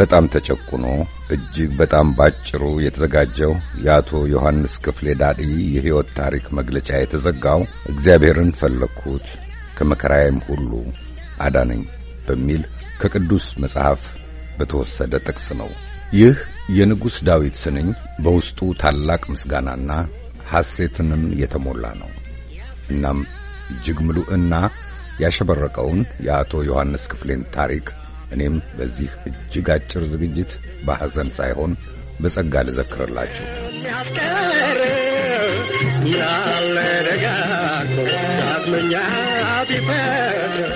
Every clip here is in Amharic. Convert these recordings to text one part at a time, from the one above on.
በጣም ተጨቁኖ እጅግ በጣም ባጭሩ የተዘጋጀው የአቶ ዮሐንስ ክፍሌ ዳዲ የሕይወት ታሪክ መግለጫ የተዘጋው እግዚአብሔርን ፈለግሁት ከመከራዬም ሁሉ አዳነኝ በሚል ከቅዱስ መጽሐፍ በተወሰደ ጥቅስ ነው። ይህ የንጉሥ ዳዊት ስንኝ በውስጡ ታላቅ ምስጋናና ሐሴትንም የተሞላ ነው። እናም እጅግ ምሉዕና ያሸበረቀውን የአቶ ዮሐንስ ክፍሌን ታሪክ እኔም በዚህ እጅግ አጭር ዝግጅት በሐዘን ሳይሆን በጸጋ ልዘክርላችሁ።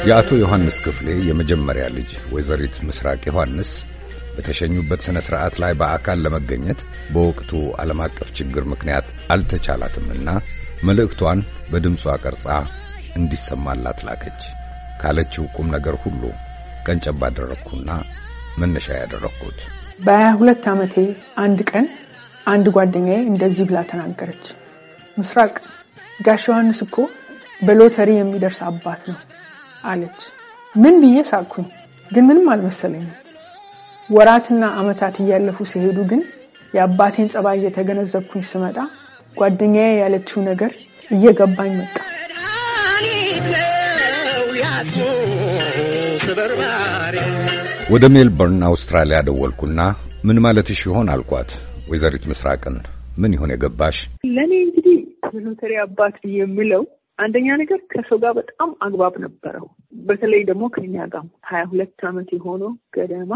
የአቶ ዮሐንስ ክፍሌ የመጀመሪያ ልጅ ወይዘሪት ምስራቅ ዮሐንስ በተሸኙበት ሥነ ሥርዓት ላይ በአካል ለመገኘት በወቅቱ ዓለም አቀፍ ችግር ምክንያት አልተቻላትምና መልእክቷን በድምጿ ቀርጻ እንዲሰማላት ላከች። ካለችው ቁም ነገር ሁሉ ቀንጨብ አደረግኩና መነሻ ያደረግኩት በሀያ ሁለት ዓመቴ አንድ ቀን አንድ ጓደኛዬ እንደዚህ ብላ ተናገረች። ምስራቅ ጋሽ ዮሐንስ እኮ በሎተሪ የሚደርስ አባት ነው አለች። ምን ብዬ ሳቅኩኝ፣ ግን ምንም አልመሰለኝም። ወራትና ዓመታት እያለፉ ሲሄዱ ግን የአባቴን ጸባይ እየተገነዘብኩኝ ስመጣ ጓደኛዬ ያለችው ነገር እየገባኝ መጣ። ወደ ሜልበርን አውስትራሊያ ደወልኩና ምን ማለትሽ ይሆን አልኳት ወይዘሪት ምስራቅን። ምን ይሆን የገባሽ? ለእኔ እንግዲህ ሎተሪ አባት የምለው አንደኛ ነገር ከሰው ጋር በጣም አግባብ ነበረው። በተለይ ደግሞ ከኛ ጋር ሀያ ሁለት አመት የሆነው ገደማ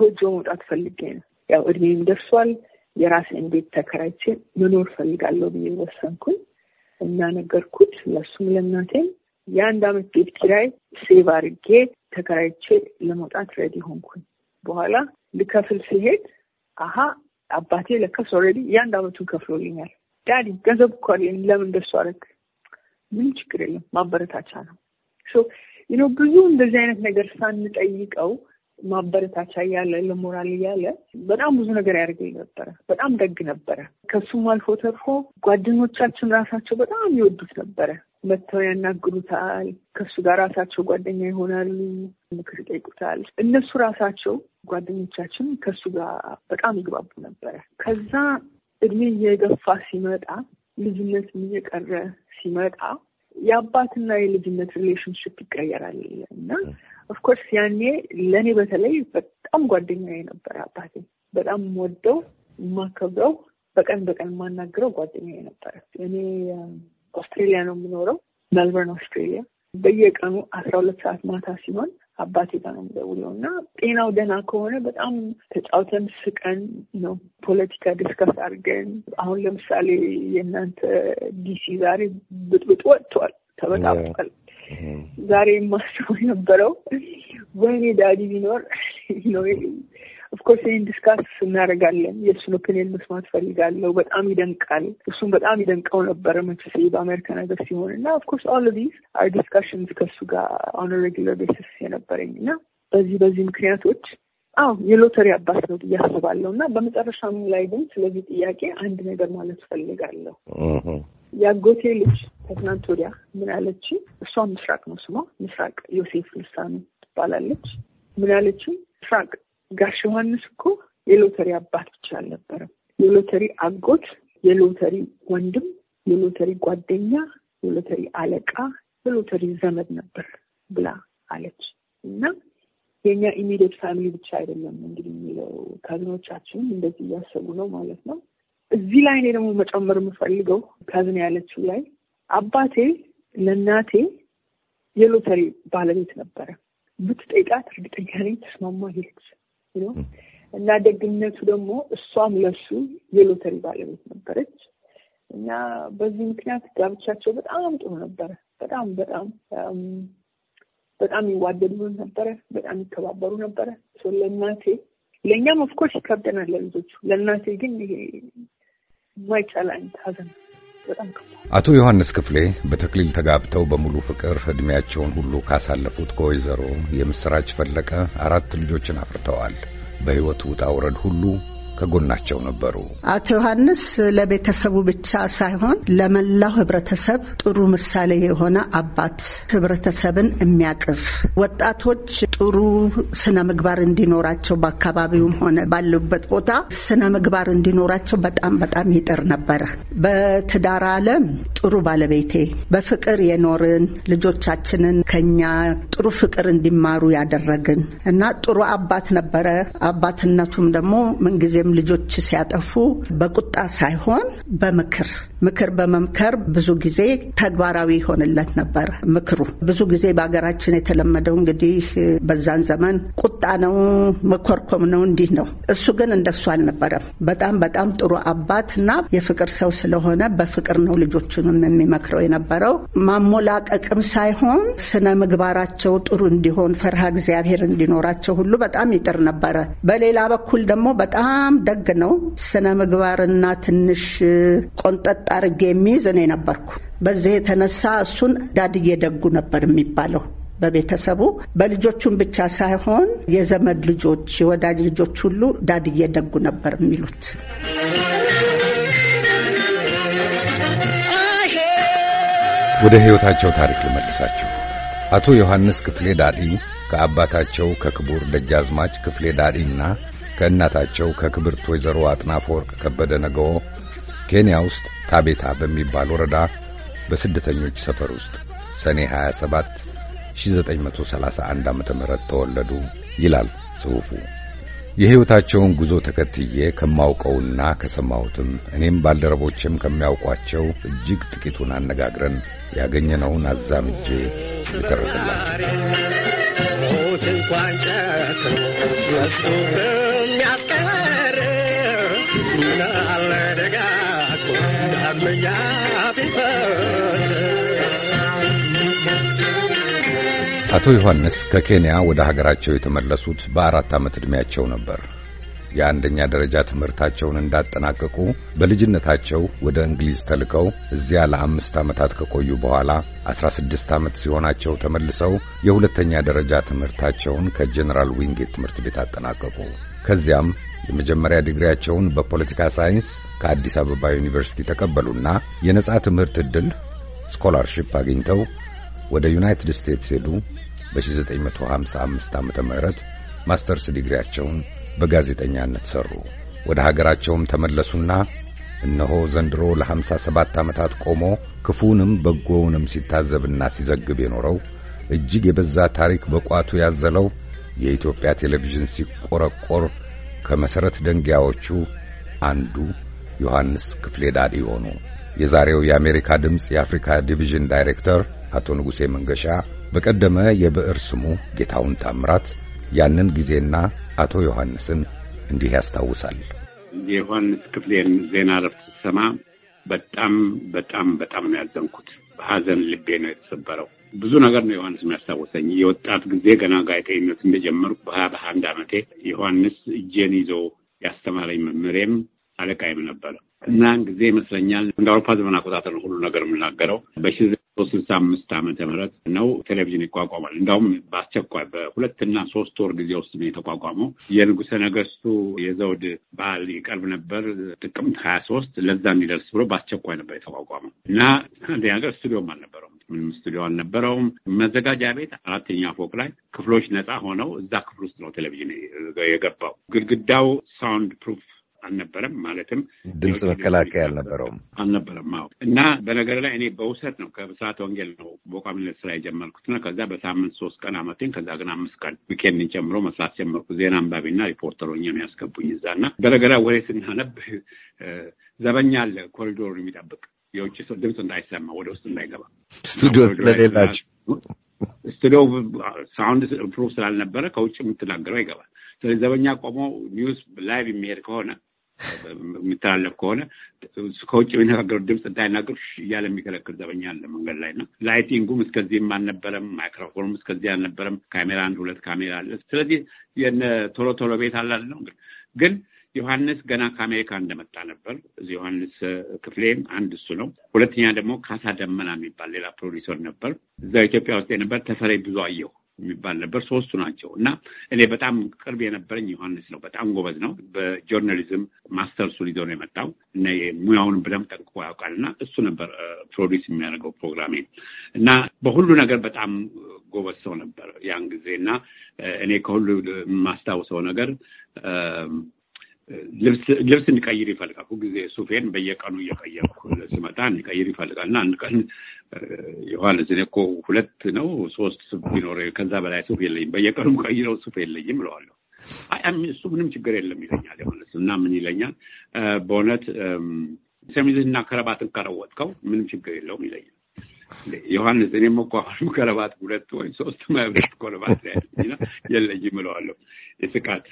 ጎጆ መውጣት ፈልጌ ነው። ያው እድሜም ደርሷል። የራሴን ቤት ተከራይቼ መኖር ፈልጋለሁ ብዬ ወሰንኩኝ እና ነገርኩት ለእሱም ለእናቴም የአንድ አመት ቤት ኪራይ ሴቭ አድርጌ ተከራይቼ ለመውጣት ረዲ ሆንኩኝ። በኋላ ልከፍል ሲሄድ አሀ አባቴ ለከስ ኦልሬዲ የአንድ አመቱን ከፍሎልኛል። ዳዲ ገንዘብ እኮ አለኝ ለምን እንደሱ አደረግ? ምን ችግር የለም ማበረታቻ ነው። ይኖ ብዙ እንደዚህ አይነት ነገር ሳንጠይቀው ማበረታቻ እያለ ለሞራል እያለ በጣም ብዙ ነገር ያደርግልኝ ነበረ። በጣም ደግ ነበረ። ከሱም አልፎ ተርፎ ጓደኞቻችን ራሳቸው በጣም ይወዱት ነበረ። መጥተው ያናግሩታል። ከሱ ጋር ራሳቸው ጓደኛ ይሆናሉ፣ ምክር ይጠይቁታል። እነሱ ራሳቸው ጓደኞቻችን ከሱ ጋር በጣም ይግባቡ ነበረ። ከዛ እድሜ እየገፋ ሲመጣ ልጅነት እየቀረ ሲመጣ የአባትና የልጅነት ሪሌሽንሽፕ ይቀየራል እና ኦፍኮርስ ያኔ ለእኔ በተለይ በጣም ጓደኛ የነበረ አባቴ በጣም ወደው የማከብረው በቀን በቀን የማናግረው ጓደኛ የነበረ እኔ ኦስትሬሊያ ነው የምኖረው፣ መልበርን ኦስትሬሊያ። በየቀኑ አስራ ሁለት ሰዓት ማታ ሲሆን አባቴ ጋር ነው የምደውለው እና ጤናው ደህና ከሆነ በጣም ተጫውተን ስቀን ነው ፖለቲካ ዲስከስ አድርገን። አሁን ለምሳሌ የእናንተ ዲሲ ዛሬ ብጥብጥ ወጥቷል፣ ተበጣብጧል። ዛሬ የማስበው የነበረው ወይኔ ዳዲ ቢኖር ኦፍኮርስ ይህን ዲስካስ እናደርጋለን። የእሱን ኦፒኒየን መስማት ፈልጋለሁ። በጣም ይደንቃል። እሱም በጣም ይደንቀው ነበረ መንፈሴ በአሜሪካ ነገር ሲሆን እና ኦፍኮርስ ኦል ዚስ አር ዲስካሽንስ ከእሱ ጋር ኦን ሬጊለር ቤሲስ የነበረኝ እና በዚህ በዚህ ምክንያቶች አዎ የሎተሪ አባት ነው ብዬ አስባለሁ እና በመጨረሻም ላይ ግን ስለዚህ ጥያቄ አንድ ነገር ማለት ፈልጋለሁ። የአጎቴ ልጅ ከትናንት ወዲያ ምን አለች? እሷ ምስራቅ ነው ስሟ፣ ምስራቅ ዮሴፍ ልሳኑ ትባላለች። ምን አለች? ምስራቅ ጋሽ ዮሐንስ እኮ የሎተሪ አባት ብቻ አልነበረም። የሎተሪ አጎት፣ የሎተሪ ወንድም፣ የሎተሪ ጓደኛ፣ የሎተሪ አለቃ፣ የሎተሪ ዘመድ ነበር ብላ አለች እና የእኛ ኢሚዲየት ፋሚሊ ብቻ አይደለም እንግዲህ የሚለው ካዝኖቻችንም እንደዚህ እያሰቡ ነው ማለት ነው። እዚህ ላይ እኔ ደግሞ መጨመር የምፈልገው ከዝን ያለችው ላይ አባቴ ለእናቴ የሎተሪ ባለቤት ነበረ። ብትጠይቃት እርግጠኛ ነኝ ተስማማ ይልች ነው እና ደግነቱ ደግሞ እሷም ለሱ የሎተሪ ባለቤት ነበረች እና በዚህ ምክንያት ጋብቻቸው በጣም ጥሩ ነበረ። በጣም በጣም በጣም ይዋደዱ ነበረ። በጣም ይከባበሩ ነበረ። ለእናቴ ለእኛም ኦፍኮርስ ይከብደናል ለልጆቹ፣ ለእናቴ ግን ይሄ የማይቻል አይነት ሀዘን ነው። በጣም አቶ ዮሐንስ ክፍሌ በተክሊል ተጋብተው በሙሉ ፍቅር ዕድሜያቸውን ሁሉ ካሳለፉት ከወይዘሮ የምሥራች ፈለቀ አራት ልጆችን አፍርተዋል። በሕይወት ውጣ ውረድ ሁሉ ከጎናቸው ነበሩ። አቶ ዮሐንስ ለቤተሰቡ ብቻ ሳይሆን ለመላው ህብረተሰብ ጥሩ ምሳሌ የሆነ አባት፣ ህብረተሰብን የሚያቅፍ ወጣቶች ጥሩ ስነ ምግባር እንዲኖራቸው በአካባቢውም ሆነ ባሉበት ቦታ ስነ ምግባር እንዲኖራቸው በጣም በጣም ይጥር ነበረ። በትዳር ዓለም ጥሩ ባለቤቴ፣ በፍቅር የኖርን ልጆቻችንን ከኛ ጥሩ ፍቅር እንዲማሩ ያደረግን እና ጥሩ አባት ነበረ። አባትነቱም ደግሞ ምንጊዜም ልጆች ሲያጠፉ በቁጣ ሳይሆን በምክር ምክር በመምከር ብዙ ጊዜ ተግባራዊ ይሆንለት ነበር። ምክሩ ብዙ ጊዜ በሀገራችን የተለመደው እንግዲህ በዛን ዘመን ቁጣ ነው፣ መኮርኮም ነው፣ እንዲህ ነው። እሱ ግን እንደሱ አልነበረም። በጣም በጣም ጥሩ አባት እና የፍቅር ሰው ስለሆነ በፍቅር ነው ልጆቹንም የሚመክረው የነበረው። ማሞላቀቅም ሳይሆን ስነ ምግባራቸው ጥሩ እንዲሆን ፈርሃ እግዚአብሔር እንዲኖራቸው ሁሉ በጣም ይጥር ነበረ። በሌላ በኩል ደግሞ በጣም ደግ ነው። ስነ ምግባርና ትንሽ ቆንጠጣ አርጌ የሚይዝ እኔ ነበርኩ። በዚህ የተነሳ እሱን ዳድዬ ደጉ ነበር የሚባለው በቤተሰቡ በልጆቹን ብቻ ሳይሆን የዘመድ ልጆች፣ የወዳጅ ልጆች ሁሉ ዳድዬ ደጉ ነበር የሚሉት። ወደ ሕይወታቸው ታሪክ ልመልሳችሁ። አቶ ዮሐንስ ክፍሌ ዳዲ ከአባታቸው ከክቡር ደጃዝማች ክፍሌ ዳዲና ከእናታቸው ከክብርት ወይዘሮ አጥናፈ ወርቅ ከበደ ነገዎ ኬንያ ውስጥ ታቤታ በሚባል ወረዳ በስደተኞች ሰፈር ውስጥ ሰኔ 27 1931 ዓ.ም ተወለዱ ይላል ጽሑፉ። የሕይወታቸውን ጉዞ ተከትዬ ከማውቀውና ከሰማሁትም እኔም ባልደረቦችም ከሚያውቋቸው እጅግ ጥቂቱን አነጋግረን ያገኘነውን አዛምጄ ልተረክላቸው። እንኳን አቶ ዮሐንስ ከኬንያ ወደ ሀገራቸው የተመለሱት በአራት ዓመት ዕድሜያቸው ነበር። የአንደኛ ደረጃ ትምህርታቸውን እንዳጠናቀቁ በልጅነታቸው ወደ እንግሊዝ ተልከው እዚያ ለአምስት ዓመታት ከቆዩ በኋላ 16 ዓመት ሲሆናቸው ተመልሰው የሁለተኛ ደረጃ ትምህርታቸውን ከጄኔራል ዊንጌት ትምህርት ቤት አጠናቀቁ። ከዚያም የመጀመሪያ ዲግሪያቸውን በፖለቲካ ሳይንስ ከአዲስ አበባ ዩኒቨርሲቲ ተቀበሉና የነጻ ትምህርት ዕድል ስኮላርሺፕ አግኝተው ወደ ዩናይትድ ስቴትስ ሄዱ። በ1955 ዓ ም ማስተርስ ዲግሪያቸውን በጋዜጠኛነት ሰሩ። ወደ ሀገራቸውም ተመለሱና እነሆ ዘንድሮ ለ57 ዓመታት ቆሞ ክፉንም በጎውንም ሲታዘብና ሲዘግብ የኖረው እጅግ የበዛ ታሪክ በቋቱ ያዘለው የኢትዮጵያ ቴሌቪዥን ሲቆረቆር ከመሠረት ደንጊያዎቹ አንዱ ዮሐንስ ክፍሌ ዳዲ ሆኑ። የዛሬው የአሜሪካ ድምፅ የአፍሪካ ዲቪዥን ዳይሬክተር አቶ ንጉሴ መንገሻ በቀደመ የብዕር ስሙ ጌታውን ታምራት ያንን ጊዜና አቶ ዮሐንስን እንዲህ ያስታውሳል። የዮሐንስ ክፍሌን ዜና እረፍት ስሰማ በጣም በጣም በጣም ነው ያዘንኩት። በሀዘን ልቤ ነው የተሰበረው። ብዙ ነገር ነው ዮሐንስ የሚያስታውሰኝ። የወጣት ጊዜ ገና ጋዜጠኝነት እንደጀመርኩ በሀያ አንድ ዓመቴ ዮሐንስ እጄን ይዞ ያስተማረኝ መምህሬም አለቃይም ነበረ እናን ጊዜ ይመስለኛል እንደ አውሮፓ ዘመን አቆጣጠር ሁሉ ነገር የምናገረው በሺ ሶስት ስልሳ አምስት ዓመተ ምህረት ነው ቴሌቪዥን ይቋቋማል። እንዲሁም በአስቸኳይ በሁለትና ሶስት ወር ጊዜ ውስጥ ነው የተቋቋመው። የንጉሠ ነገስቱ የዘውድ በዓል ይቀርብ ነበር ጥቅምት ሀያ ሶስት ለዛ እንዲደርስ ብሎ በአስቸኳይ ነበር የተቋቋመው እና አንድ ነገር ስቱዲዮም አልነበረውም። ምንም ስቱዲዮ አልነበረውም። መዘጋጃ ቤት አራተኛ ፎቅ ላይ ክፍሎች ነፃ ሆነው እዛ ክፍል ውስጥ ነው ቴሌቪዥን የገባው። ግድግዳው ሳውንድ ፕሩፍ አልነበረም። ማለትም ድምፅ መከላከያ አልነበረውም አልነበረም። አዎ። እና በነገር ላይ እኔ በውሰት ነው ከብስራት ወንጌል ነው በቋሚነት ስራ የጀመርኩትና ከዛ በሳምንት ሶስት ቀን አመቴን ከዛ ግን አምስት ቀን ዊኬንድን ጨምሮ መስራት ጀመርኩ። ዜና አንባቢና ሪፖርተር ሆኜ ነው ያስገቡኝ እዛ እና በነገር ወሬ ስናነብ ዘበኛ አለ ኮሪዶር የሚጠብቅ የውጭ ሰው ድምፅ እንዳይሰማ ወደ ውስጥ እንዳይገባ ስቱዲዮ ስለሌላቸው ስቱዲዮ ሳውንድ ፕሩፍ ስላልነበረ ከውጭ የምትናገረው ይገባል። ስለዚህ ዘበኛ ቆሞ ኒውስ ላይቭ የሚሄድ ከሆነ የሚተላለፍ ከሆነ ከውጭ የሚነጋገሩት ድምፅ እንዳይናገሩ እያለ የሚከለክል ዘበኛ አለ መንገድ ላይ ነው። ላይቲንጉም እስከዚህም አልነበረም። ማይክሮፎኑም እስከዚህ አልነበረም። ካሜራ አንድ ሁለት ካሜራ አለ። ስለዚህ የነ ቶሎ ቶሎ ቤት አላለ ነው ግን ዮሐንስ ገና ከአሜሪካ እንደመጣ ነበር። እዚህ ዮሐንስ ክፍሌም አንድ እሱ ነው። ሁለተኛ ደግሞ ካሳ ደመና የሚባል ሌላ ፕሮዲሰር ነበር እዛ ኢትዮጵያ ውስጥ ነበር። ተፈሪ ብዙ አየሁ የሚባል ነበር። ሶስቱ ናቸው እና እኔ በጣም ቅርብ የነበረኝ ዮሐንስ ነው። በጣም ጎበዝ ነው። በጆርናሊዝም ማስተርሱን ይዞ ነው የመጣው እና ሙያውን ብለም ጠንቅቆ ያውቃል እና እሱ ነበር ፕሮዲስ የሚያደርገው ፕሮግራሜ እና በሁሉ ነገር በጣም ጎበዝ ሰው ነበር ያን ጊዜ እና እኔ ከሁሉ የማስታውሰው ነገር ልብስ እንድቀይር ይፈልጋል። ሁልጊዜ ሱፌን በየቀኑ እየቀየርኩ ስመጣ እንድቀይር ይፈልጋል እና አንድ ቀን ዮሐንስ እኔ እኮ ሁለት ነው ሶስት ሱፍ ቢኖር ከዛ በላይ ሱፍ የለኝም፣ በየቀኑ ቀይረው ሱፍ የለኝም እለዋለሁ። እሱ ምንም ችግር የለም ይለኛል ዮሐንስ እና ምን ይለኛል በእውነት ሸሚዝህና ከረባትን ከረወጥከው ምንም ችግር የለውም ይለኛል። ዮሐንስ እኔም እኮ አሁን ከረባት ሁለት ወይም ሶስት ማብረት ኮረባት ያለችና የለኝም እለዋለሁ ይስቃል።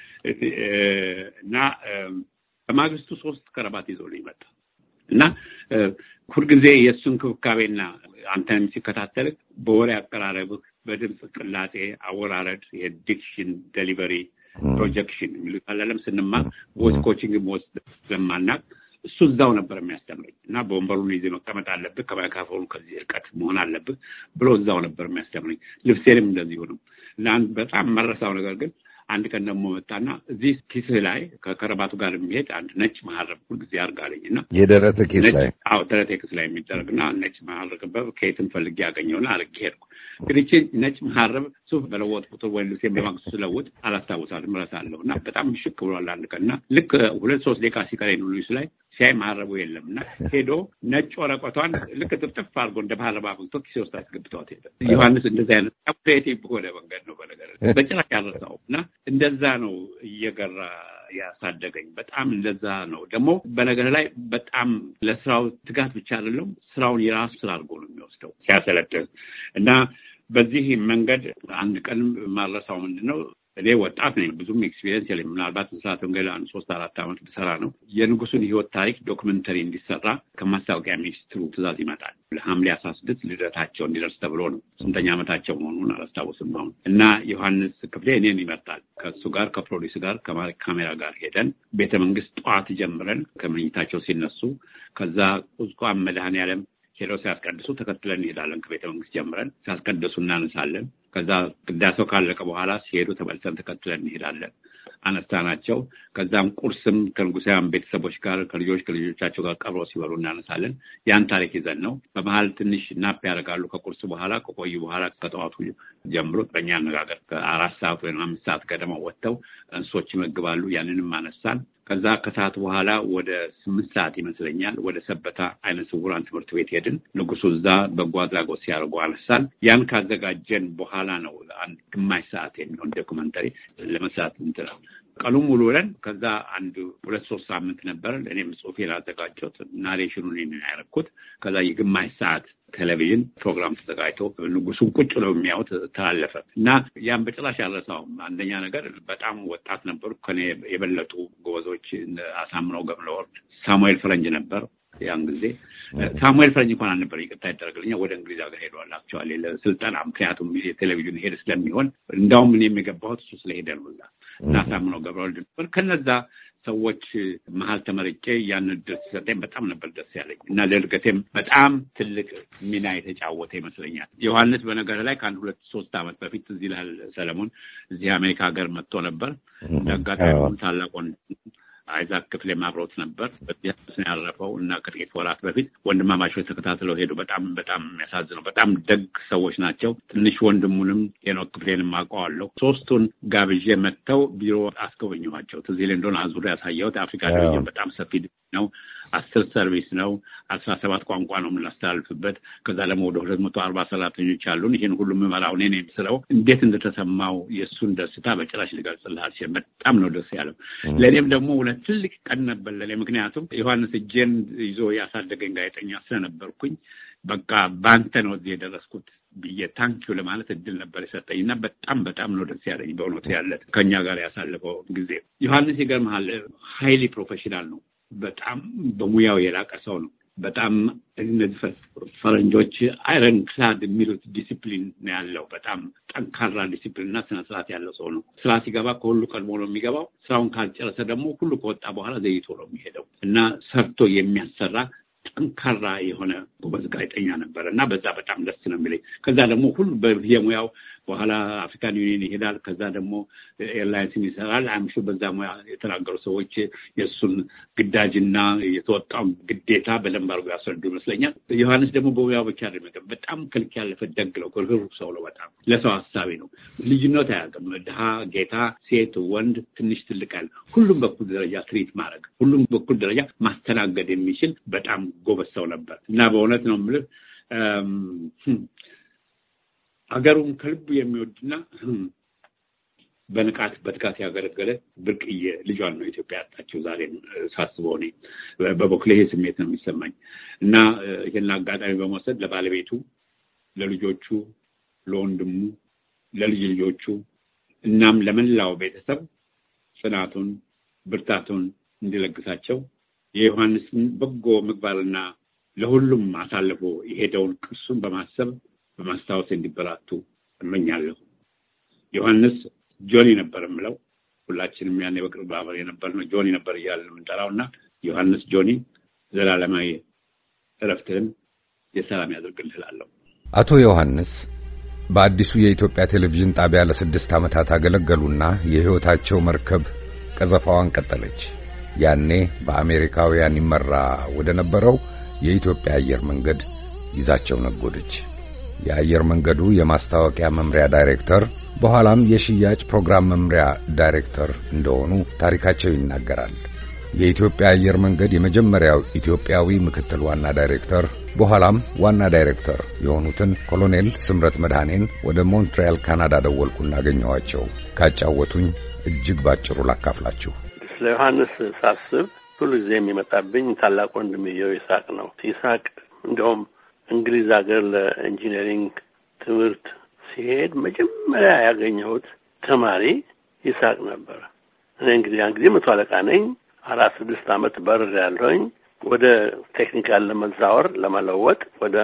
እና በማግስቱ ሶስት ከረባት ይዞ ይዞልኝ መጣ እና ሁልጊዜ የእሱን ክብካቤና አንተንም ሲከታተል በወሬ አቀራረብህ፣ በድምፅ ቅላጤ አወራረድ፣ የዲክሽን ደሊቨሪ ፕሮጀክሽን የሚሉት አላለም ስንማር ቮይስ ኮችንግ ወስድ ስለማናቅ እሱ እዛው ነበር የሚያስተምረኝ እና በወንበሩን ይዜ መቀመጥ አለብህ፣ ከማይክራፎኑ ከዚህ እርቀት መሆን አለብህ ብሎ እዛው ነበር የሚያስተምረኝ። ልብሴንም እንደዚሁ ነው እና በጣም መረሳው ነገር ግን አንድ ቀን ደግሞ መጣና እዚህ ኪስህ ላይ ከከረባቱ ጋር የሚሄድ አንድ ነጭ መሀረብ ሁልጊዜ አድርጋለኝ እና የደረት ኪስ ላይ አዎ፣ ደረት ኪስ ላይ የሚደረግ የሚደረግና ነጭ መሀረብ ከየትም ፈልጌ ያገኘውና አድርጌ ሄድኩ። ግንቺ ነጭ መሀረብ ሱፍ በለወጥ ቁጥር ወይ ልብሴ በማግስቱ ስለውጥ አላስታውሳትም እረሳለሁ እና በጣም ምሽክ ብሏል። አንድ ቀን እና ልክ ሁለት ሶስት ደቂቃ ሲቀረኝ ሉስ ላይ ሲያይ ማረቡ የለም እና ሄዶ ነጭ ወረቀቷን ልክ ጥፍጥፍ አድርጎ እንደ ባህረባ ብቶ ኪሴ ውስጥ አስገብተዋት ሄደ። ዮሐንስ እንደዚህ አይነት አፕዴቲቭ በሆነ መንገድ ነው በነገር በጭራሽ ያረሳው እና እንደዛ ነው እየገራ ያሳደገኝ። በጣም እንደዛ ነው ደግሞ በነገር ላይ በጣም ለስራው ትጋት ብቻ አይደለም ስራውን የራሱ ስራ አድርጎ ነው የሚወስደው ሲያሰለጥን እና በዚህ መንገድ አንድ ቀን ማረሳው ምንድን ነው እኔ ወጣት ነኝ፣ ብዙም ኤክስፒሪየንስ የለኝ። ምናልባት እንስሳት ወንጌል አንድ ሶስት አራት ዓመት ብሰራ ነው። የንጉሱን ህይወት ታሪክ ዶክመንተሪ እንዲሰራ ከማስታወቂያ ሚኒስትሩ ትእዛዝ ይመጣል። ለሐምሌ አስራ ስድስት ልደታቸው እንዲደርስ ተብሎ ነው። ስንተኛ ዓመታቸው መሆኑን አላስታውስም አሁን እና ዮሐንስ ክፍሌ እኔን ይመርጣል። ከእሱ ጋር ከፕሮዲስ ጋር ከካሜራ ጋር ሄደን ቤተ መንግስት ጠዋት ጀምረን ከመኝታቸው ሲነሱ ከዛ ቁዝቋም መድኃኔዓለም ሄደው ሲያስቀድሱ ተከትለን እንሄዳለን። ከቤተ መንግስት ጀምረን ሲያስቀድሱ እናነሳለን። ከዛ ቅዳሴው ካለቀ በኋላ ሲሄዱ ተመልሰን ተከትለን እንሄዳለን። አነሳ ናቸው። ከዛም ቁርስም ከንጉሳውያን ቤተሰቦች ጋር ከልጆች ከልጆቻቸው ጋር ቀብረው ሲበሉ እናነሳለን። ያን ታሪክ ይዘን ነው። በመሀል ትንሽ ናፕ ያደርጋሉ። ከቁርስ በኋላ ከቆዩ በኋላ ከጠዋቱ ጀምሮ በእኛ አነጋገር ከአራት ሰዓት ወይም አምስት ሰዓት ገደማ ወጥተው እንስሶች ይመግባሉ። ያንንም አነሳን። ከዛ ከሰዓት በኋላ ወደ ስምንት ሰዓት ይመስለኛል ወደ ሰበታ አይነ ስውራን ትምህርት ቤት ሄድን። ንጉሱ እዛ በጎ አድራጎት ሲያደርጉ አነሳን። ያን ካዘጋጀን በኋላ ነው አንድ ግማሽ ሰዓት የሚሆን ዶክመንተሪ ለመስራት እንትናል ቀኑን ሙሉ ብለን ከዛ አንድ ሁለት ሶስት ሳምንት ነበር። እኔም ጽሁፌ ላዘጋጀሁት ናሬሽኑን ያረኩት። ከዛ የግማሽ ሰዓት ቴሌቪዥን ፕሮግራም ተዘጋጅቶ ንጉሱን ቁጭ ነው የሚያዩት ተላለፈ እና ያን በጭራሽ ያልረሳውም። አንደኛ ነገር በጣም ወጣት ነበሩ። ከኔ የበለጡ ጎበዞች አሳምነው ገብረወርድ፣ ሳሙኤል ፈረንጅ ነበር ያን ጊዜ ሳሙኤል ፈረንጅ እንኳን አልነበር፣ ይቅርታ ይደረግልኛ። ወደ እንግሊዝ ሀገር ሄደዋል አክቹዋሊ ለስልጠና፣ ምክንያቱም የቴሌቪዥን ሄድ ስለሚሆን እንዳውም እኔ የሚገባሁት እሱ ስለሄደ ነው እና ሳምነው ገብረወልድ ነበር ከነዛ ሰዎች መሀል ተመርጬ ያን እድል ሲሰጠኝ በጣም ነበር ደስ ያለኝ እና ለእድገቴም በጣም ትልቅ ሚና የተጫወተ ይመስለኛል። ዮሐንስ በነገር ላይ ከአንድ ሁለት ሶስት ዓመት በፊት እዚህ ላል ሰለሞን እዚህ አሜሪካ ሀገር መጥቶ ነበር። እንደ አጋጣሚ ታላቅ አይዛክ ክፍሌ አብሮት ነበር። በዚያ ያረፈው እና ከጥቂት ወራት በፊት ወንድማማቾች ተከታትለው ሄዱ። በጣም በጣም የሚያሳዝነው በጣም ደግ ሰዎች ናቸው። ትንሽ ወንድሙንም ሄኖክ ክፍሌንም አውቀዋለሁ። ሶስቱን ጋብዤ መጥተው ቢሮ አስገበኘኋቸው። ትዝ ይል እንደሆነ አዙሪያ ያሳየሁት አፍሪካ በጣም ሰፊ ነው አስር ሰርቪስ ነው። አስራ ሰባት ቋንቋ ነው የምናስተላልፍበት። ከዛ ደግሞ ወደ ሁለት መቶ አርባ ሰራተኞች አሉን። ይህን ሁሉ የምመራው እኔ ነው የምስለው። እንዴት እንደተሰማው የእሱን ደስታ በጭራሽ ልገልጽልህ አልችልም። በጣም ነው ደስ ያለው። ለእኔም ደግሞ እውነት ትልቅ ቀን ነበር ለእኔ ምክንያቱም ዮሐንስ እጄን ይዞ ያሳደገኝ ጋዜጠኛ ስለነበርኩኝ በቃ በአንተ ነው እዚህ የደረስኩት ብዬ ታንኪው ለማለት እድል ነበር የሰጠኝ እና በጣም በጣም ነው ደስ ያለኝ። በእውነቱ ያለ ከእኛ ጋር ያሳለፈው ጊዜ ዮሐንስ ይገርምሃል፣ ሀይሊ ፕሮፌሽናል ነው። በጣም በሙያው የላቀ ሰው ነው። በጣም እነዚህ ፈረንጆች አይረን ክላድ የሚሉት ዲሲፕሊን ነው ያለው። በጣም ጠንካራ ዲሲፕሊን ስነ ስነስርዓት ያለው ሰው ነው። ስራ ሲገባ ከሁሉ ቀድሞ ነው የሚገባው። ስራውን ካልጨረሰ ደግሞ ሁሉ ከወጣ በኋላ ዘይቶ ነው የሚሄደው እና ሰርቶ የሚያሰራ ጠንካራ የሆነ ጎበዝ ጋዜጠኛ ነበር እና በዛ በጣም ደስ ነው የሚለኝ። ከዛ ደግሞ ሁሉ በየሙያው በኋላ አፍሪካን ዩኒየን ይሄዳል። ከዛ ደግሞ ኤርላይንስን ይሰራል። አምሹ በዛ ሙያ የተናገሩ ሰዎች የእሱን ግዳጅና የተወጣውን ግዴታ በደንብ አድርጎ ያስረዱ ይመስለኛል። ዮሐንስ ደግሞ በሙያ ብቻ አይደለም፣ በጣም ከልክ ያለፈ ደግ ነው። ርህሩህ ሰው ነው። በጣም ለሰው ሀሳቢ ነው። ልዩነት አያውቅም። ድሃ፣ ጌታ፣ ሴት፣ ወንድ፣ ትንሽ፣ ትልቅ አለ ሁሉም በኩል ደረጃ ትሪት ማድረግ ሁሉም በኩል ደረጃ ማስተናገድ የሚችል በጣም ጎበዝ ሰው ነበር እና በእውነት ነው የምልህ አገሩን ከልቡ የሚወድና በንቃት በትጋት ያገለገለ ብርቅዬ ልጇን ነው ኢትዮጵያ ያጣችው። ዛሬም ሳስበው እኔ በበኩሌ ይሄ ስሜት ነው የሚሰማኝ እና ይህን አጋጣሚ በመውሰድ ለባለቤቱ፣ ለልጆቹ፣ ለወንድሙ፣ ለልጅ ልጆቹ እናም ለመላው ቤተሰብ ጽናቱን ብርታቱን እንዲለግሳቸው የዮሐንስን በጎ ምግባርና ለሁሉም አሳልፎ የሄደውን ቅርሱን በማሰብ በማስታወስ እንዲበላቱ እመኛለሁ። ዮሐንስ ጆኒ ነበር የምለው ሁላችንም ያን በቅርብ አብረን የነበር ነው ጆኒ ነበር እያልን የምንጠራው እና ዮሐንስ ጆኒ ዘላለማዊ እረፍትህን የሰላም ያድርግልህ እላለሁ። አቶ ዮሐንስ በአዲሱ የኢትዮጵያ ቴሌቪዥን ጣቢያ ለስድስት ዓመታት አገለገሉና የሕይወታቸው መርከብ ቀዘፋዋን ቀጠለች። ያኔ በአሜሪካውያን ይመራ ወደ ነበረው የኢትዮጵያ አየር መንገድ ይዛቸው ነጎደች። የአየር መንገዱ የማስታወቂያ መምሪያ ዳይሬክተር በኋላም የሽያጭ ፕሮግራም መምሪያ ዳይሬክተር እንደሆኑ ታሪካቸው ይናገራል። የኢትዮጵያ አየር መንገድ የመጀመሪያው ኢትዮጵያዊ ምክትል ዋና ዳይሬክተር በኋላም ዋና ዳይሬክተር የሆኑትን ኮሎኔል ስምረት መድኃኔን ወደ ሞንትሪያል ካናዳ ደወልኩና አገኘኋቸው። ካጫወቱኝ እጅግ ባጭሩ ላካፍላችሁ። ስለ ዮሐንስ ሳስብ ሁሉ ጊዜ የሚመጣብኝ ታላቅ ወንድምየው ይስሐቅ ነው። ይስሐቅ እንደውም እንግሊዝ ሀገር ለኢንጂነሪንግ ትምህርት ሲሄድ መጀመሪያ ያገኘሁት ተማሪ ይሳቅ ነበረ። እኔ እንግዲህ ያን ጊዜ መቶ አለቃ ነኝ። አራት ስድስት ዓመት በር ያለሁኝ ወደ ቴክኒካል ለመዛወር ለመለወጥ ወደ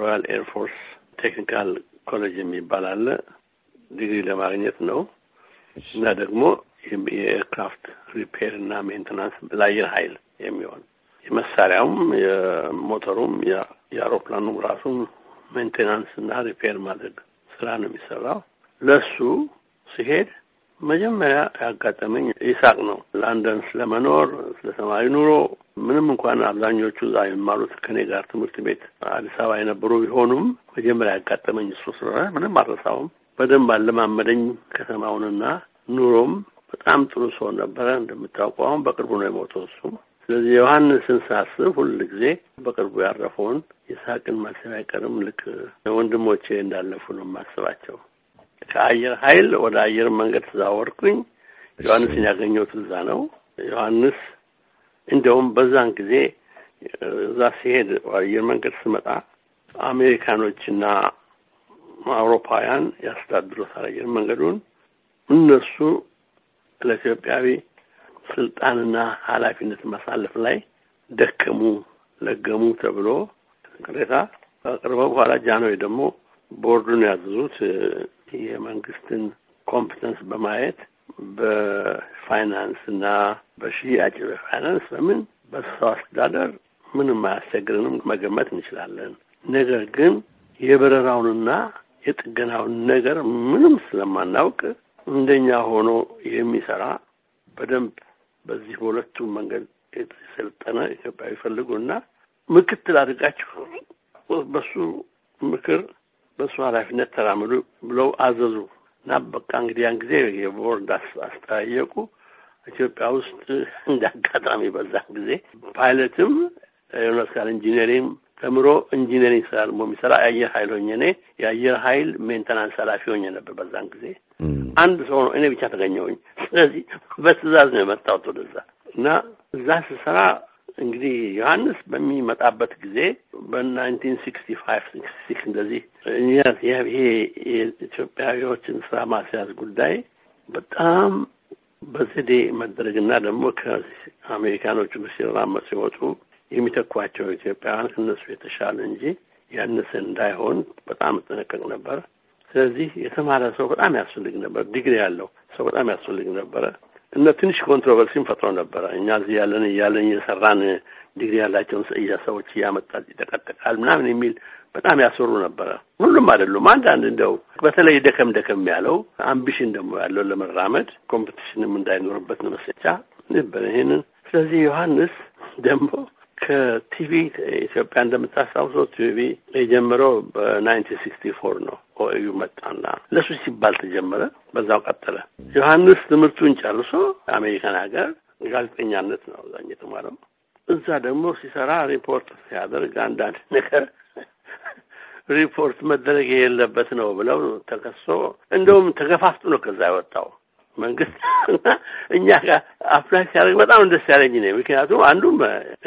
ሮያል ኤርፎርስ ቴክኒካል ኮሌጅ የሚባል አለ። ዲግሪ ለማግኘት ነው እና ደግሞ የኤርክራፍት ሪፔር እና ሜንተናንስ ለአየር ኃይል የሚሆን የመሳሪያውም የሞተሩም የአውሮፕላኑ ራሱ ሜንቴናንስ እና ሪፔር ማድረግ ስራ ነው የሚሰራው። ለሱ ሲሄድ መጀመሪያ ያጋጠመኝ ይሳቅ ነው። ለንደን ስለመኖር ስለ ኑሮ ምንም እንኳን አብዛኞቹ እዛ የሚማሩት ከኔ ጋር ትምህርት ቤት አዲስ አበባ የነበሩ ቢሆኑም መጀመሪያ ያጋጠመኝ እሱ ስለሆነ ምንም አልረሳውም። በደንብ አለማመደኝ ከተማውንና ኑሮም። በጣም ጥሩ ሰው ነበረ። እንደምታውቀው አሁን በቅርቡ ነው የሞተው እሱ ስለዚህ ዮሐንስን ሳስብ ሁል ጊዜ በቅርቡ ያረፈውን ይስሐቅን ማሰብ አይቀርም። ልክ ወንድሞቼ እንዳለፉ ነው የማስባቸው። ከአየር ኃይል ወደ አየር መንገድ ተዛወርኩኝ። ዮሐንስን ያገኘሁት እዛ ነው። ዮሐንስ እንደውም በዛን ጊዜ እዛ ሲሄድ አየር መንገድ ስመጣ አሜሪካኖችና አውሮፓውያን ያስተዳድሩታል አየር መንገዱን እነሱ ለኢትዮጵያዊ ስልጣንና ኃላፊነት ማሳለፍ ላይ ደከሙ፣ ለገሙ ተብሎ ቅሬታ ከቅርበ በኋላ ጃንሆይ ደግሞ ቦርዱን ያዘዙት የመንግስትን ኮምፕተንስ በማየት በፋይናንስ እና በሽያጭ በፋይናንስ በምን በሰው አስተዳደር ምንም አያስቸግርንም መገመት እንችላለን። ነገር ግን የበረራውንና የጥገናውን ነገር ምንም ስለማናውቅ እንደኛ ሆኖ የሚሰራ በደንብ በዚህ በሁለቱም መንገድ የተሰለጠነ ኢትዮጵያዊ ፈልጉ ፈልጉና ምክትል አድርጋችሁ በሱ ምክር በሱ ኃላፊነት ተራምዱ ብለው አዘዙ እና በቃ እንግዲህ ያን ጊዜ የቦርድ አስተያየቁ ኢትዮጵያ ውስጥ እንደ አጋጣሚ በዛን ጊዜ ፓይለትም ኤሮኖቲካል ኢንጂነሪንግ ተምሮ ኢንጂነሪንግ ስራ ደግሞ የሚሰራ የአየር ኃይል ሆኜ እኔ የአየር ኃይል ሜንተናንስ ኃላፊ ሆኜ ነበር። በዛን ጊዜ አንድ ሰው ነው እኔ ብቻ ተገኘሁኝ። ስለዚህ በትእዛዝ ነው የመጣሁት ወደዛ እና እዛ ስሰራ እንግዲህ ዮሐንስ በሚመጣበት ጊዜ በናይንቲን ሲክስቲ ፋይቭ ሲክስቲ ሲክስ እንደዚህ ይሄ የኢትዮጵያዊዎችን ስራ ማስያዝ ጉዳይ በጣም በዘዴ መደረግና ደግሞ ከአሜሪካኖቹ ሲራመዱ ሲወጡ የሚተኳቸው ኢትዮጵያውያን ከነሱ የተሻለ እንጂ ያነሰ እንዳይሆን በጣም እጠነቀቅ ነበር። ስለዚህ የተማረ ሰው በጣም ያስፈልግ ነበር። ዲግሪ ያለው ሰው በጣም ያስፈልግ ነበረ እና ትንሽ ኮንትሮቨርሲም ፈጥሮ ነበረ። እኛ እዚህ ያለን እያለን እየሰራን ዲግሪ ያላቸውን ሰያ ሰዎች እያመጣ ይጠቀጠቃል ምናምን የሚል በጣም ያሰሩ ነበረ። ሁሉም አይደሉም። አንዳንድ እንደው በተለይ ደከም ደከም ያለው አምቢሽን ደግሞ ያለው ለመራመድ ኮምፒቲሽንም እንዳይኖርበት ነው መሰጫ ነበር ይሄንን። ስለዚህ ዮሐንስ ደግሞ ከቲቪ ኢትዮጵያ እንደምታስታውሰው ቲቪ የጀመረው በናይንቲን ሲክስቲ ፎር ነው። ኦዩ መጣና ለሱ ሲባል ተጀመረ። በዛው ቀጠለ። ዮሐንስ ትምህርቱን ጨርሶ አሜሪካን ሀገር ጋዜጠኛነት ነው አብዛኛው የተማረው። እዛ ደግሞ ሲሰራ ሪፖርት ሲያደርግ አንዳንድ ነገር ሪፖርት መደረግ የሌለበት ነው ብለው ተከሶ እንደውም ተገፋፍቶ ነው ከዛ ያወጣው መንግስት እኛ ጋር አፕላይ ሲያደርግ በጣም ደስ ያለኝ ነ ምክንያቱም አንዱም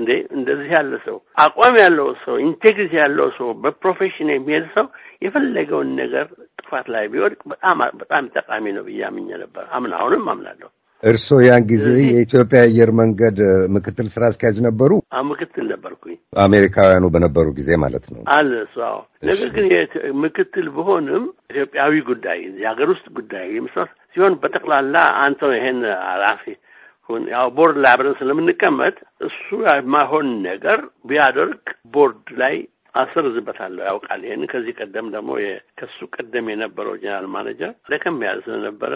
እንዴ እንደዚህ ያለ ሰው አቋም ያለው ሰው ኢንቴግሪቲ ያለው ሰው በፕሮፌሽን የሚሄድ ሰው የፈለገውን ነገር ጥፋት ላይ ቢወድቅ በጣም በጣም ጠቃሚ ነው ብዬ አምኜ ነበር። አምን አሁንም አምናለሁ። እርስዎ ያን ጊዜ የኢትዮጵያ አየር መንገድ ምክትል ስራ አስኪያጅ ነበሩ? ምክትል ነበርኩኝ። አሜሪካውያኑ በነበሩ ጊዜ ማለት ነው አለ ነገር ግን ምክትል ብሆንም ኢትዮጵያዊ ጉዳይ የሀገር ውስጥ ጉዳይ የምስራት ሲሆን በጠቅላላ አንተ ነው ይሄን አላፊ ያው ቦርድ ላይ አብረን ስለምንቀመጥ እሱ የማሆን ነገር ቢያደርግ ቦርድ ላይ አሰርዝበታለሁ ያውቃል። ይህን ከዚህ ቀደም ደግሞ ከሱ ቀደም የነበረው ጀነራል ማኔጀር ደከም ያለ ስለነበረ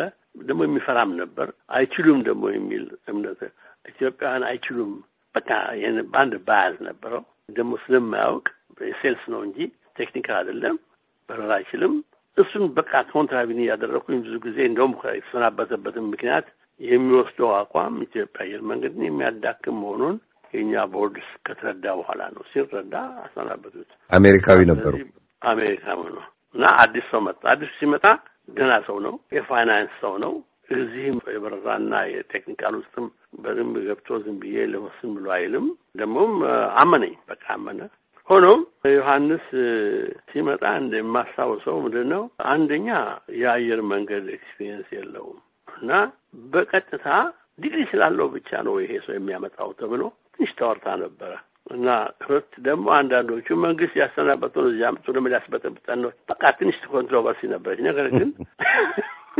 ደግሞ የሚፈራም ነበር። አይችሉም ደግሞ የሚል እምነት ኢትዮጵያውያን አይችሉም በቃ ይህን በአንድ ባያዝ ነበረው። ደግሞ ስለማያውቅ ሴልስ ነው እንጂ ቴክኒካል አይደለም። በረራ አይችልም። እሱን በቃ ኮንትራቪኒ እያደረግኩኝ ብዙ ጊዜ እንደውም የተሰናበተበትም ምክንያት የሚወስደው አቋም ኢትዮጵያ አየር መንገድን የሚያዳክም መሆኑን የእኛ ቦርድ ከተረዳ በኋላ ነው። ሲረዳ አሰናበቱት። አሜሪካዊ ነበሩ። አሜሪካዊ ነው እና አዲስ ሰው መጣ። አዲስ ሲመጣ ደህና ሰው ነው፣ የፋይናንስ ሰው ነው። እዚህም የበረራና የቴክኒካል ውስጥም በደንብ ገብቶ ዝም ብዬ ልወስን ብሎ አይልም። ደግሞም አመነኝ። በቃ አመነ። ሆኖም ዮሐንስ ሲመጣ እንደማስታውሰው ምንድን ነው አንደኛ የአየር መንገድ ኤክስፒሪየንስ የለውም እና በቀጥታ ዲግሪ ስላለው ብቻ ነው ይሄ ሰው የሚያመጣው ተብሎ ትንሽ ተወርታ ነበረ እና ሁለት ደግሞ አንዳንዶቹ መንግስት ያሰናበት ነው እዚያ መጡ ደግሞ ሊያስበጠብጠን ነው። በቃ ትንሽ ኮንትሮቨርሲ ነበረች። ነገር ግን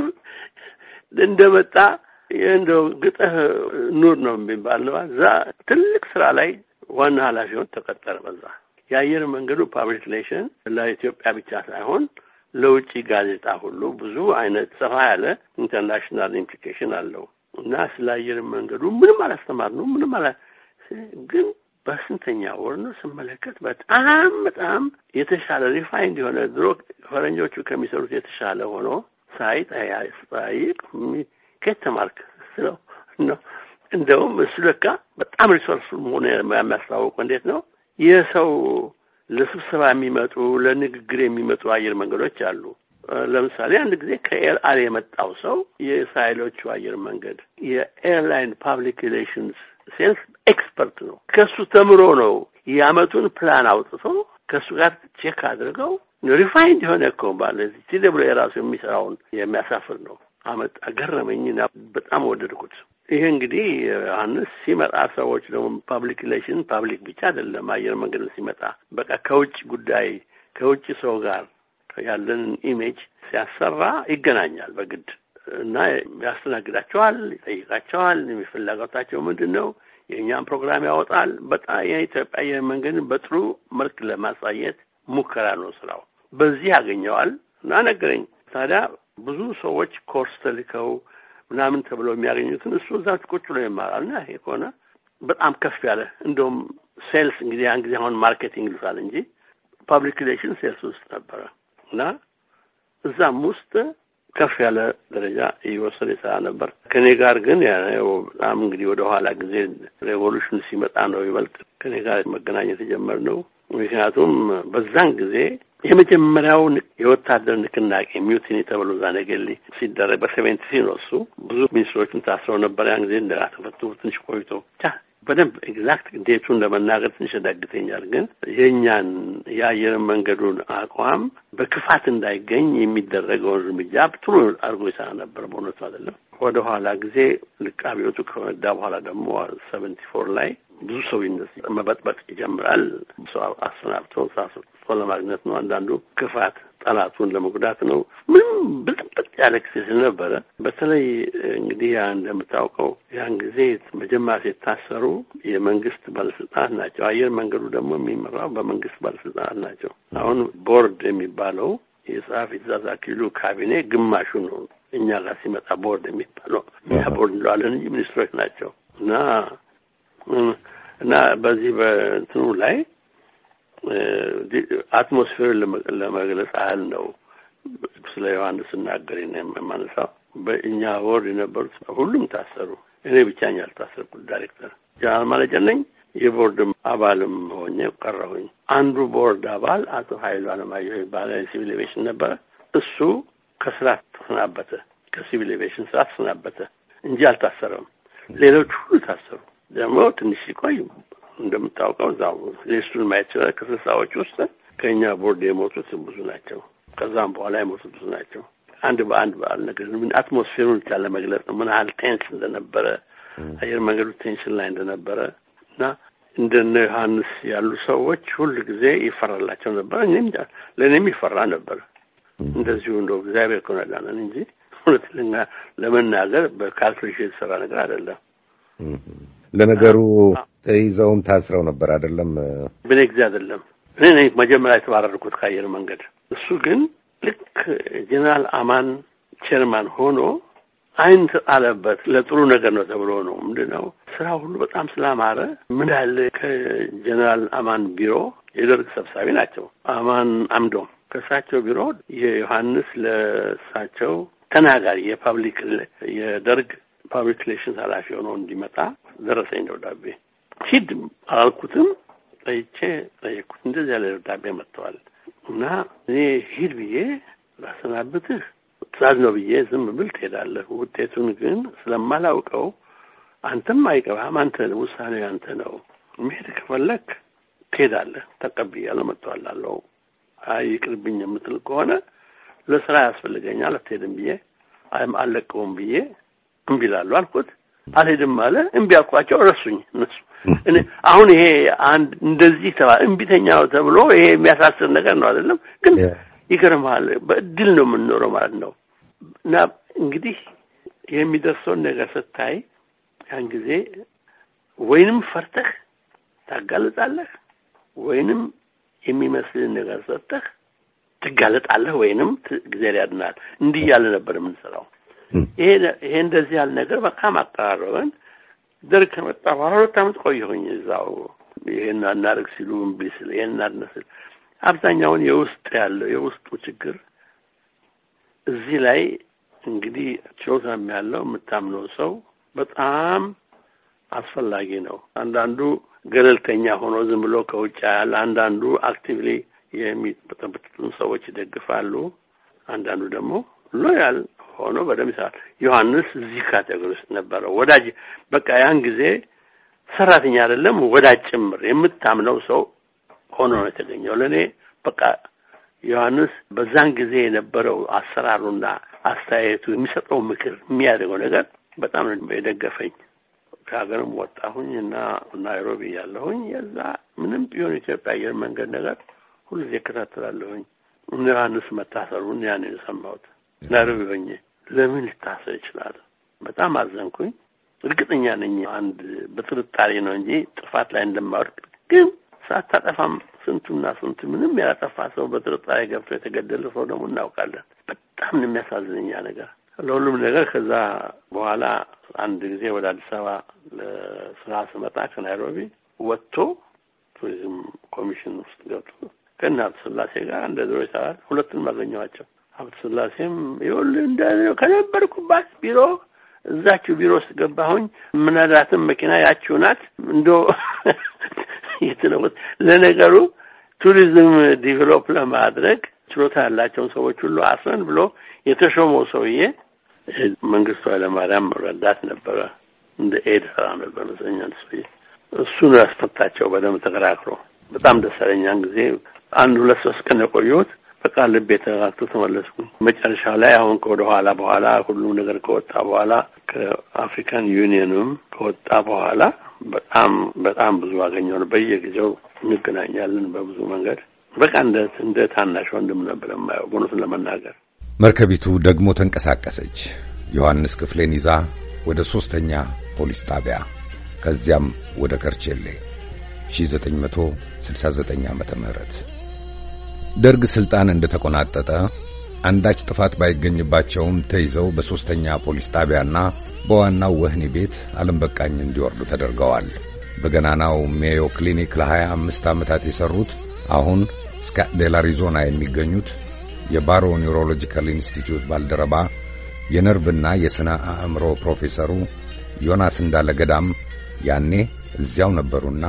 እንደመጣ እንደው ግጠህ ኑር ነው የሚባል እዛ ትልቅ ስራ ላይ ዋና ኃላፊውን ተቀጠረ በዛ የአየር መንገዱ ፓብሊክ ሪሌሽን ለኢትዮጵያ ብቻ ሳይሆን ለውጭ ጋዜጣ ሁሉ ብዙ አይነት ሰፋ ያለ ኢንተርናሽናል ኢምፕሊኬሽን አለው እና ስለ አየር መንገዱ ምንም አላስተማር ነው ምንም አላ ግን በስንተኛ ወር ነው ስመለከት በጣም በጣም የተሻለ ሪፋይንድ የሆነ ድሮ ፈረንጆቹ ከሚሰሩት የተሻለ ሆኖ ሳይ ስጠይቅ ከየት ተማርክ ስለው ነው እንደውም እሱ ለካ በጣም ሪሶርስ መሆኑ የሚያስታወቁ እንዴት ነው ይህ ሰው ለስብሰባ የሚመጡ ለንግግር የሚመጡ አየር መንገዶች አሉ። ለምሳሌ አንድ ጊዜ ከኤልአል የመጣው ሰው የእስራኤሎቹ አየር መንገድ የኤርላይን ፓብሊክ ሪሌሽንስ ሴልስ ኤክስፐርት ነው። ከሱ ተምሮ ነው የአመቱን ፕላን አውጥቶ ከእሱ ጋር ቼክ አድርገው ሪፋይንድ የሆነ እኮ ባለ ቲ ደብሎ የራሱ የሚሰራውን የሚያሳፍር ነው። አመጣ ገረመኝና በጣም ወደድኩት። ይሄ እንግዲህ ዮሐንስ ሲመጣ ሰዎች ደግሞ ፓብሊክ ሪሌሽን ፓብሊክ ብቻ አይደለም፣ አየር መንገድ ሲመጣ በቃ ከውጭ ጉዳይ ከውጭ ሰው ጋር ያለንን ኢሜጅ ሲያሰራ ይገናኛል በግድ እና ያስተናግዳቸዋል፣ ይጠይቃቸዋል፣ የሚፈላጋታቸው ምንድን ነው የእኛም ፕሮግራም ያወጣል። በጣም የኢትዮጵያ አየር መንገድን በጥሩ መልክ ለማሳየት ሙከራ ነው ስራው። በዚህ ያገኘዋል እና ነገረኝ። ታዲያ ብዙ ሰዎች ኮርስ ተልከው ምናምን ተብለው የሚያገኙትን እሱ እዛ ቁጭ ብሎ ይማራል። እና ይሄ ከሆነ በጣም ከፍ ያለ እንደውም ሴልስ እንግዲህ ያን ጊዜ አሁን ማርኬቲንግ ይሉታል እንጂ ፓብሊክ ሪሌሽን ሴልስ ውስጥ ነበረ እና እዛም ውስጥ ከፍ ያለ ደረጃ እየወሰደ የሰራ ነበር። ከኔ ጋር ግን በጣም እንግዲህ ወደ ኋላ ጊዜ ሬቮሉሽን ሲመጣ ነው ይበልጥ ከኔ ጋር መገናኘት የጀመርነው። ምክንያቱም በዛን ጊዜ የመጀመሪያው የወታደር ንቅናቄ ሚውቲኒ ተብሎ እዛ ሲደረግ በሰቨንቲ ሲ ነው። እሱ ብዙ ሚኒስትሮችን ታስረው ነበር። ያን ጊዜ እንደገና ትንሽ ቆይቶ ብቻ በደንብ ኤግዛክት ግዴቱን ለመናገር ትንሽ ያዳግተኛል። ግን የእኛን የአየር መንገዱን አቋም በክፋት እንዳይገኝ የሚደረገውን እርምጃ ጥሩ አድርጎ ይሰራ ነበር። በእውነቱ አይደለም። ወደ ኋላ ጊዜ ልክ አብዮቱ ከወዳ በኋላ ደግሞ ሰቨንቲ ፎር ላይ ብዙ ሰው ይነሳ መበጥበጥ ይጀምራል። ሰው አሰናብቶ ሳሱ ለማግኘት ነው። አንዳንዱ ክፋት ጠላቱን ለመጉዳት ነው። ምንም ብጥብጥ ያለ ጊዜ ነበረ። በተለይ እንግዲህ ያ እንደምታውቀው ያን ጊዜ መጀመሪያ ሲታሰሩ የመንግስት ባለስልጣናት ናቸው። አየር መንገዱ ደግሞ የሚመራው በመንግስት ባለስልጣናት ናቸው። አሁን ቦርድ የሚባለው የጸሐፊ ትእዛዝ አክሊሉ ካቢኔ ግማሹ ነው። እኛ ጋር ሲመጣ ቦርድ የሚባለው እኛ ቦርድ እንለዋለን እንጂ ሚኒስትሮች ናቸው እና እና በዚህ በእንትኑ ላይ አትሞስፌር ለመግለጽ ያህል ነው ስለ ዮሐንስ ስናገር የማነሳው። በእኛ ቦርድ የነበሩት ሁሉም ታሰሩ። እኔ ብቻኝ ያልታሰርኩት ዳይሬክተር ጀነራል ማለጀ ነኝ። የቦርድም አባልም ሆኜ ቀረሁኝ። አንዱ ቦርድ አባል አቶ ኃይሉ አለማየሁ ባህላዊ ሲቪል ኤቪዬሽን ነበረ። እሱ ከስራ ተሰናበተ፣ ከሲቪል ኤቪዬሽን ስራ ተሰናበተ እንጂ አልታሰረም። ሌሎች ሁሉ ታሰሩ። ደግሞ ትንሽ ሲቆይ እንደምታውቀው እዛው ሌስቱን ማየት ይችላል። ከስልሳዎች ውስጥ ከእኛ ቦርድ የሞቱት ብዙ ናቸው። ከዛም በኋላ የሞቱት ብዙ ናቸው። አንድ በአንድ ነገር ምን አትሞስፌሩን ብቻ ለመግለጽ ምን ያህል ቴንስ እንደነበረ አየር መንገዱ ቴንሽን ላይ እንደነበረ እና እንደነ ዮሐንስ ያሉ ሰዎች ሁል ጊዜ ይፈራላቸው ነበር። እኔም ለእኔም ይፈራ ነበር። እንደዚሁ እንደው እግዚአብሔር ከነዳነን እንጂ እውነት ለመናገር በካልኩሌሽን የተሰራ ነገር አይደለም። ለነገሩ ይዘውም ታስረው ነበር አይደለም? በኔ ጊዜ አይደለም። እኔ ነኝ መጀመሪያ የተባረርኩት ከአየር መንገድ። እሱ ግን ልክ ጀኔራል አማን ቼርማን ሆኖ አይን አለበት ለጥሩ ነገር ነው ተብሎ ነው ምንድን ነው ስራ ሁሉ በጣም ስላማረ ምን ያለ ከጀኔራል አማን ቢሮ የደርግ ሰብሳቢ ናቸው አማን አምዶም ከእሳቸው ቢሮ የዮሐንስ ለእሳቸው ተናጋሪ የፓብሊክ የደርግ ፓብሊክ ሪሌሽንስ ኃላፊ ሆኖ እንዲመጣ ደረሰኝ ደብዳቤ ሂድ አላልኩትም። ጠይቼ ጠየቅኩት። እንደዚህ ያለ ደብዳቤ መጥተዋል እና እኔ ሂድ ብዬ ላሰናብትህ ትእዛዝ ነው ብዬ ዝም ብል ትሄዳለህ። ውጤቱን ግን ስለማላውቀው አንተም አይቀባህም። አንተ ውሳኔው ያንተ ነው። መሄድ ከፈለክ ትሄዳለህ። ተቀብያለሁ፣ መጥተዋላለሁ። አይ ይቅርብኝ የምትል ከሆነ ለስራ ያስፈልገኛል፣ አትሄድም ብዬ አይም አለቀውም ብዬ እምቢ እላለሁ አልኩት። አልሄድም አለ። እምቢ አልኳቸው፣ ረሱኝ እነሱ አሁን ይሄ አንድ እንደዚህ ተባለ ነው ተብሎ ይሄ የሚያሳስር ነገር ነው አይደለም። ግን ይገርምሃል፣ በእድል ነው የምንኖረው ማለት ነው። እና እንግዲህ የሚደርሰውን ነገር ስታይ ያን ጊዜ ወይንም ፈርተህ ታጋለጣለህ ወይንም የሚመስልን ነገር ሰጥተህ ትጋለጣለህ ወይንም እግዚአብሔር ያድናል። እንዲህ እያለ ነበር የምንሰራው። ይሄ ይሄ እንደዚህ ያለ ነገር በጣም አቀራረበን። ደርግ ከመጣ በኋላ ሁለት ዓመት ቆየሁኝ እዛው። ይሄን አናርግ ሲሉ እምቢ ስል ይሄን አድነስል አብዛኛውን የውስጥ ያለው የውስጡ ችግር እዚህ ላይ እንግዲህ ችሎታም ያለው የምታምነው ሰው በጣም አስፈላጊ ነው። አንዳንዱ ገለልተኛ ሆኖ ዝም ብሎ ከውጭ ያለ፣ አንዳንዱ አክቲቭሊ የሚጠበጡትን ሰዎች ይደግፋሉ፣ አንዳንዱ ደግሞ ሎያል ሆኖ በደም ይሰራል። ዮሐንስ እዚህ ካቴጎሪ ውስጥ ነበረ። ወዳጅ በቃ ያን ጊዜ ሰራተኛ አይደለም ወዳጅ ጭምር የምታምነው ሰው ሆኖ ነው የተገኘው። ለእኔ በቃ ዮሐንስ በዛን ጊዜ የነበረው አሰራሩና አስተያየቱ፣ የሚሰጠው ምክር፣ የሚያደርገው ነገር በጣም የደገፈኝ። ከሀገርም ወጣሁኝ እና ናይሮቢ ያለሁኝ የዛ ምንም ቢሆን ኢትዮጵያ አየር መንገድ ነገር ሁልጊዜ እከታተላለሁኝ። ዮሐንስ መታሰሩን ያን የሰማሁት ናይሮቢ ሆኜ ለምን ሊታሰር ይችላል? በጣም አዘንኩኝ። እርግጠኛ ነኝ አንድ በጥርጣሬ ነው እንጂ ጥፋት ላይ እንደማወድቅ ግን ሳታጠፋም ስንቱና ስንቱ ምንም ያላጠፋ ሰው በጥርጣሬ ገብቶ የተገደለ ሰው ደግሞ እናውቃለን። በጣም ነው የሚያሳዝነኛ ነገር ለሁሉም ነገር። ከዛ በኋላ አንድ ጊዜ ወደ አዲስ አበባ ለስራ ስመጣ ከናይሮቢ ወጥቶ ቱሪዝም ኮሚሽን ውስጥ ገብቶ ከእናቱ ስላሴ ጋር እንደ ድሮ ይሰራል። ሁለቱን አገኘኋቸው። ሀብት ስላሴም ይኸውልህ እንደ ከነበርኩባት ቢሮ እዛችሁ ቢሮ ውስጥ ገባሁኝ። ምናዳትም መኪና ያችሁ ናት። እንዶ የተለወጥ ለነገሩ ቱሪዝም ዲቨሎፕ ለማድረግ ችሎታ ያላቸውን ሰዎች ሁሉ አስረን ብሎ የተሾመው ሰውዬ መንግስቱ ኃይለማርያም ረዳት ነበረ። እንደ ኤደራ ነበር መሰለኝ ሰውዬ። እሱ ነው ያስፈታቸው በደንብ ተከራክሮ። በጣም ደስ አለኝ ያን ጊዜ። አንድ ሁለት ሶስት ቀን የቆየሁት በቃ ልብ የተረጋግቶ ተመለስኩ። መጨረሻ ላይ አሁን ከወደ ኋላ በኋላ ሁሉም ነገር ከወጣ በኋላ ከአፍሪካን ዩኒየንም ከወጣ በኋላ በጣም በጣም ብዙ አገኘሁ። በየጊዜው እንገናኛለን በብዙ መንገድ። በቃ እንደ እንደ ታናሽ ወንድም ነበር የማየው እውነቱን ለመናገር። መርከቢቱ ደግሞ ተንቀሳቀሰች። ዮሐንስ ክፍሌን ይዛ ወደ ሶስተኛ ፖሊስ ጣቢያ ከዚያም ወደ ከርቼሌ 1969 ዓ ም ደርግ ስልጣን እንደተቆናጠጠ አንዳች ጥፋት ባይገኝባቸውም ተይዘው በሶስተኛ ፖሊስ ጣቢያና በዋናው ወህኒ ቤት አለም በቃኝ እንዲወርዱ ተደርገዋል። በገናናው ሜዮ ክሊኒክ ለ25 ዓመታት የሰሩት አሁን ስካትዴል አሪዞና የሚገኙት የባሮ ኒውሮሎጂካል ኢንስቲትዩት ባልደረባ የነርቭና የሥነ አእምሮ ፕሮፌሰሩ ዮናስ እንዳለ ገዳም ያኔ እዚያው ነበሩና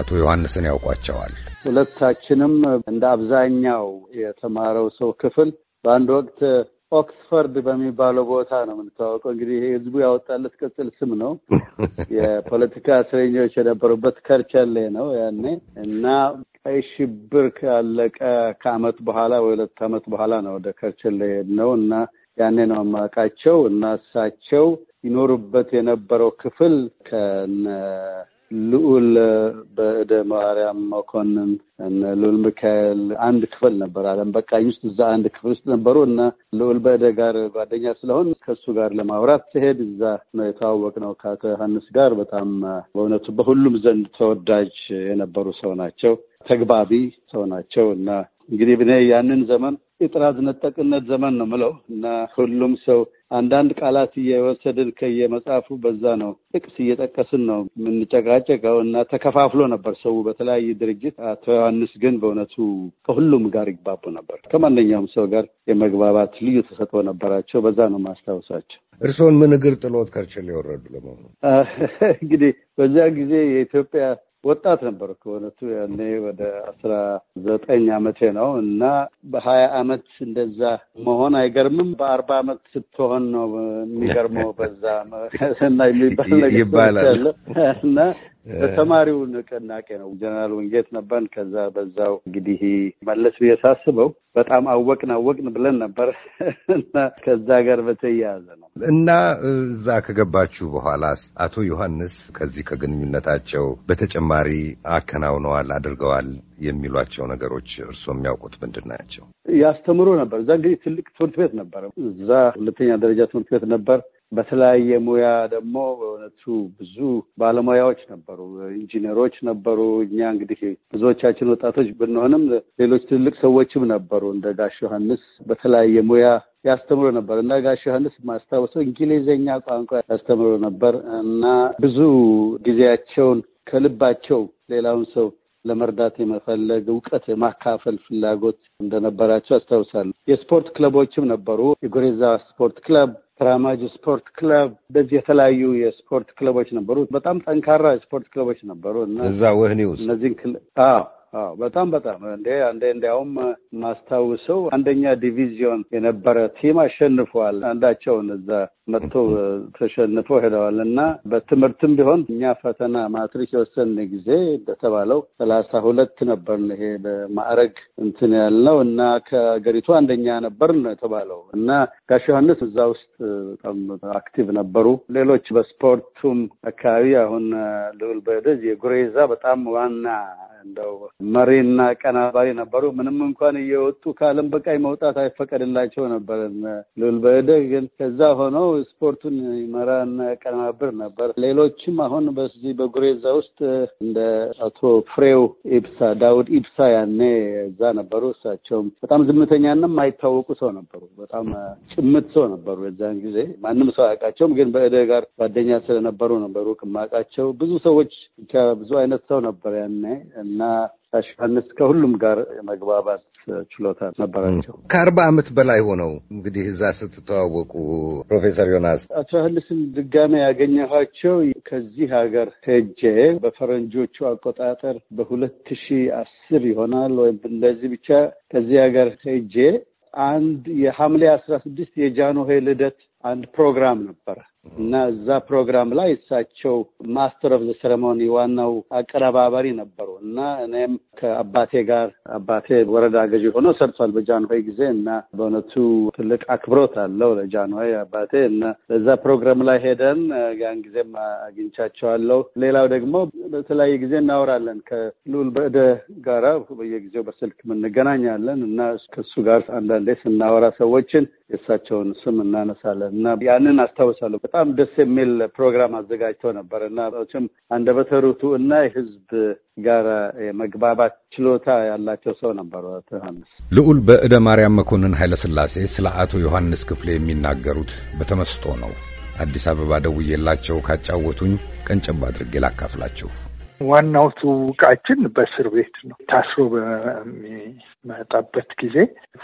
አቶ ዮሐንስን ያውቋቸዋል። ሁለታችንም እንደ አብዛኛው የተማረው ሰው ክፍል በአንድ ወቅት ኦክስፈርድ በሚባለው ቦታ ነው የምንታወቀው። እንግዲህ ህዝቡ ያወጣለት ቅጽል ስም ነው። የፖለቲካ እስረኞች የነበሩበት ከርቸሌ ነው ያኔ እና ቀይ ሽብር ካለቀ ከአመት በኋላ ሁለት አመት በኋላ ነው ወደ ከርቸሌ የሄድነው እና ያኔ ነው አማቃቸው እና እሳቸው ይኖሩበት የነበረው ክፍል ከነ ልዑል በእደ ማርያም መኮንን እነ ልዑል ሚካኤል አንድ ክፍል ነበር። አለም በቃኝ ውስጥ እዛ አንድ ክፍል ውስጥ ነበሩ እና ልዑል በእደ ጋር ጓደኛ ስለሆን ከሱ ጋር ለማውራት ሲሄድ እዛ ነው የተዋወቅ ነው ከአቶ ዮሐንስ ጋር። በጣም በእውነቱ በሁሉም ዘንድ ተወዳጅ የነበሩ ሰው ናቸው። ተግባቢ ሰው ናቸው እና እንግዲህ ብኔ ያንን ዘመን የጥራዝ ነጠቅነት ዘመን ነው ምለው እና ሁሉም ሰው አንዳንድ ቃላት እየወሰድን ከየመጽሐፉ በዛ ነው ጥቅስ እየጠቀስን ነው የምንጨቃጨቀው እና ተከፋፍሎ ነበር ሰው በተለያየ ድርጅት። አቶ ዮሐንስ ግን በእውነቱ ከሁሉም ጋር ይግባቡ ነበር። ከማንኛውም ሰው ጋር የመግባባት ልዩ ተሰጥኦ ነበራቸው። በዛ ነው ማስታወሳቸው። እርስዎን ምን እግር ጥሎት ከርችል የወረዱ ለመሆኑ? እንግዲህ በዚያ ጊዜ የኢትዮጵያ ወጣት ነበር ከእውነቱ ያኔ ወደ አስራ ዘጠኝ አመቴ ነው እና በሀያ አመት እንደዛ መሆን አይገርምም። በአርባ አመት ስትሆን ነው የሚገርመው በዛ እና የሚባል ነገር ይባላል እና በተማሪው ንቅናቄ ነው። ጀነራል ወንጌት ነበርን። ከዛ በዛው እንግዲህ መለስ ብዬ ሳስበው በጣም አወቅን አወቅን ብለን ነበር እና ከዛ ጋር በተያያዘ ነው እና እዛ ከገባችሁ በኋላ አቶ ዮሐንስ ከዚህ ከግንኙነታቸው በተጨማሪ አከናውነዋል፣ አድርገዋል የሚሏቸው ነገሮች እርስዎ የሚያውቁት ምንድን ናቸው? ያስተምሩ ነበር። እዛ እንግዲህ ትልቅ ትምህርት ቤት ነበር እዛ ሁለተኛ ደረጃ ትምህርት ቤት ነበር። በተለያየ ሙያ ደግሞ በእውነቱ ብዙ ባለሙያዎች ነበሩ፣ ኢንጂነሮች ነበሩ። እኛ እንግዲህ ብዙዎቻችን ወጣቶች ብንሆንም ሌሎች ትልቅ ሰዎችም ነበሩ። እንደ ጋሽ ዮሐንስ በተለያየ ሙያ ያስተምሮ ነበር እና ጋሽ ዮሐንስ ማስታወሰው እንግሊዝኛ ቋንቋ ያስተምሮ ነበር እና ብዙ ጊዜያቸውን ከልባቸው ሌላውን ሰው ለመርዳት የመፈለግ እውቀት የማካፈል ፍላጎት እንደነበራቸው አስታውሳለሁ። የስፖርት ክለቦችም ነበሩ። የጎሬዛ ስፖርት ክለብ ተራማጅ ስፖርት ክለብ እንደዚህ የተለያዩ የስፖርት ክለቦች ነበሩ። በጣም ጠንካራ የስፖርት ክለቦች ነበሩ እዛ ወህኒ ውስጥ እነዚህን ክል በጣም በጣም እንዴ አንዴ እንዲያውም ማስታውሰው አንደኛ ዲቪዚዮን የነበረ ቲም አሸንፈዋል አንዳቸውን እዛ መጥቶ ተሸንፈው ሄደዋል እና በትምህርትም ቢሆን እኛ ፈተና ማትሪክ የወሰን ጊዜ እንደተባለው ሰላሳ ሁለት ነበር። ይሄ በማዕረግ እንትን ያልነው እና ከሀገሪቱ አንደኛ ነበር ነው የተባለው እና ጋሽ ዮሐንስ እዛ ውስጥ በጣም አክቲቭ ነበሩ። ሌሎች በስፖርቱም አካባቢ አሁን ልዑል በደዝ የጉሬዛ በጣም ዋና እንደው መሪና ቀናባሪ ነበሩ። ምንም እንኳን እየወጡ ከዓለም በቃይ መውጣት አይፈቀድላቸው ነበር። ልዑል ግን ከዛ ሆነው ስፖርቱን ይመራና ያቀነባብር ነበር። ሌሎችም አሁን በዚህ በጉሬዛ ውስጥ እንደ አቶ ፍሬው ኢብሳ፣ ዳውድ ኢብሳ ያኔ እዛ ነበሩ። እሳቸውም በጣም ዝምተኛና የማይታወቁ ሰው ነበሩ። በጣም ጭምት ሰው ነበሩ። የዛን ጊዜ ማንም ሰው አያውቃቸውም፣ ግን በእደ ጋር ጓደኛ ስለነበሩ ነበሩ ቅማቃቸው ብዙ ሰዎች ብቻ ብዙ አይነት ሰው ነበር ያኔ እና ዮሐንስ ከሁሉም ጋር የመግባባት ችሎታ ነበራቸው። ከአርባ ዓመት በላይ ሆነው እንግዲህ እዛ ስትተዋወቁ ፕሮፌሰር ዮናስ አቶ ዮሐንስን ድጋሜ ያገኘኋቸው ከዚህ ሀገር ሄጄ በፈረንጆቹ አቆጣጠር በሁለት ሺህ አስር ይሆናል ወይም እንደዚህ ብቻ ከዚህ ሀገር ሄጄ አንድ የሐምሌ አስራ ስድስት የጃንሆይ ልደት አንድ ፕሮግራም ነበረ እና እዛ ፕሮግራም ላይ እሳቸው ማስተር ኦፍ ሴረሞኒ ዋናው አቀረባባሪ ነበሩ እና እኔም ከአባቴ ጋር አባቴ ወረዳ ገዢ ሆኖ ሰርቷል በጃንሆይ ጊዜ እና በእውነቱ ትልቅ አክብሮት አለው ለጃንሆይ አባቴ እና በዛ ፕሮግራም ላይ ሄደን ያን ጊዜም አግኝቻቸዋለሁ። ሌላው ደግሞ በተለያየ ጊዜ እናወራለን ከሉል በእደ ጋራ በየጊዜው በስልክ እንገናኛለን እና ከሱ ጋር አንዳንዴ ስናወራ ሰዎችን የእሳቸውን ስም እናነሳለን እና ያንን አስታውሳለሁ። በጣም ደስ የሚል ፕሮግራም አዘጋጅተው ነበር እና ችም አንደ በተሩቱ እና የህዝብ ጋር የመግባባት ችሎታ ያላቸው ሰው ነበሩ። ዮሐንስ ልዑል በእደ ማርያም መኮንን ኃይለሥላሴ ስለ አቶ ዮሐንስ ክፍሌ የሚናገሩት በተመስጦ ነው። አዲስ አበባ ደውዬላቸው ካጫወቱኝ ቀንጨባ አድርጌ ላካፍላችሁ። ዋናው ትውውቃችን በእስር ቤት ነው። ታስሮ በሚመጣበት ጊዜ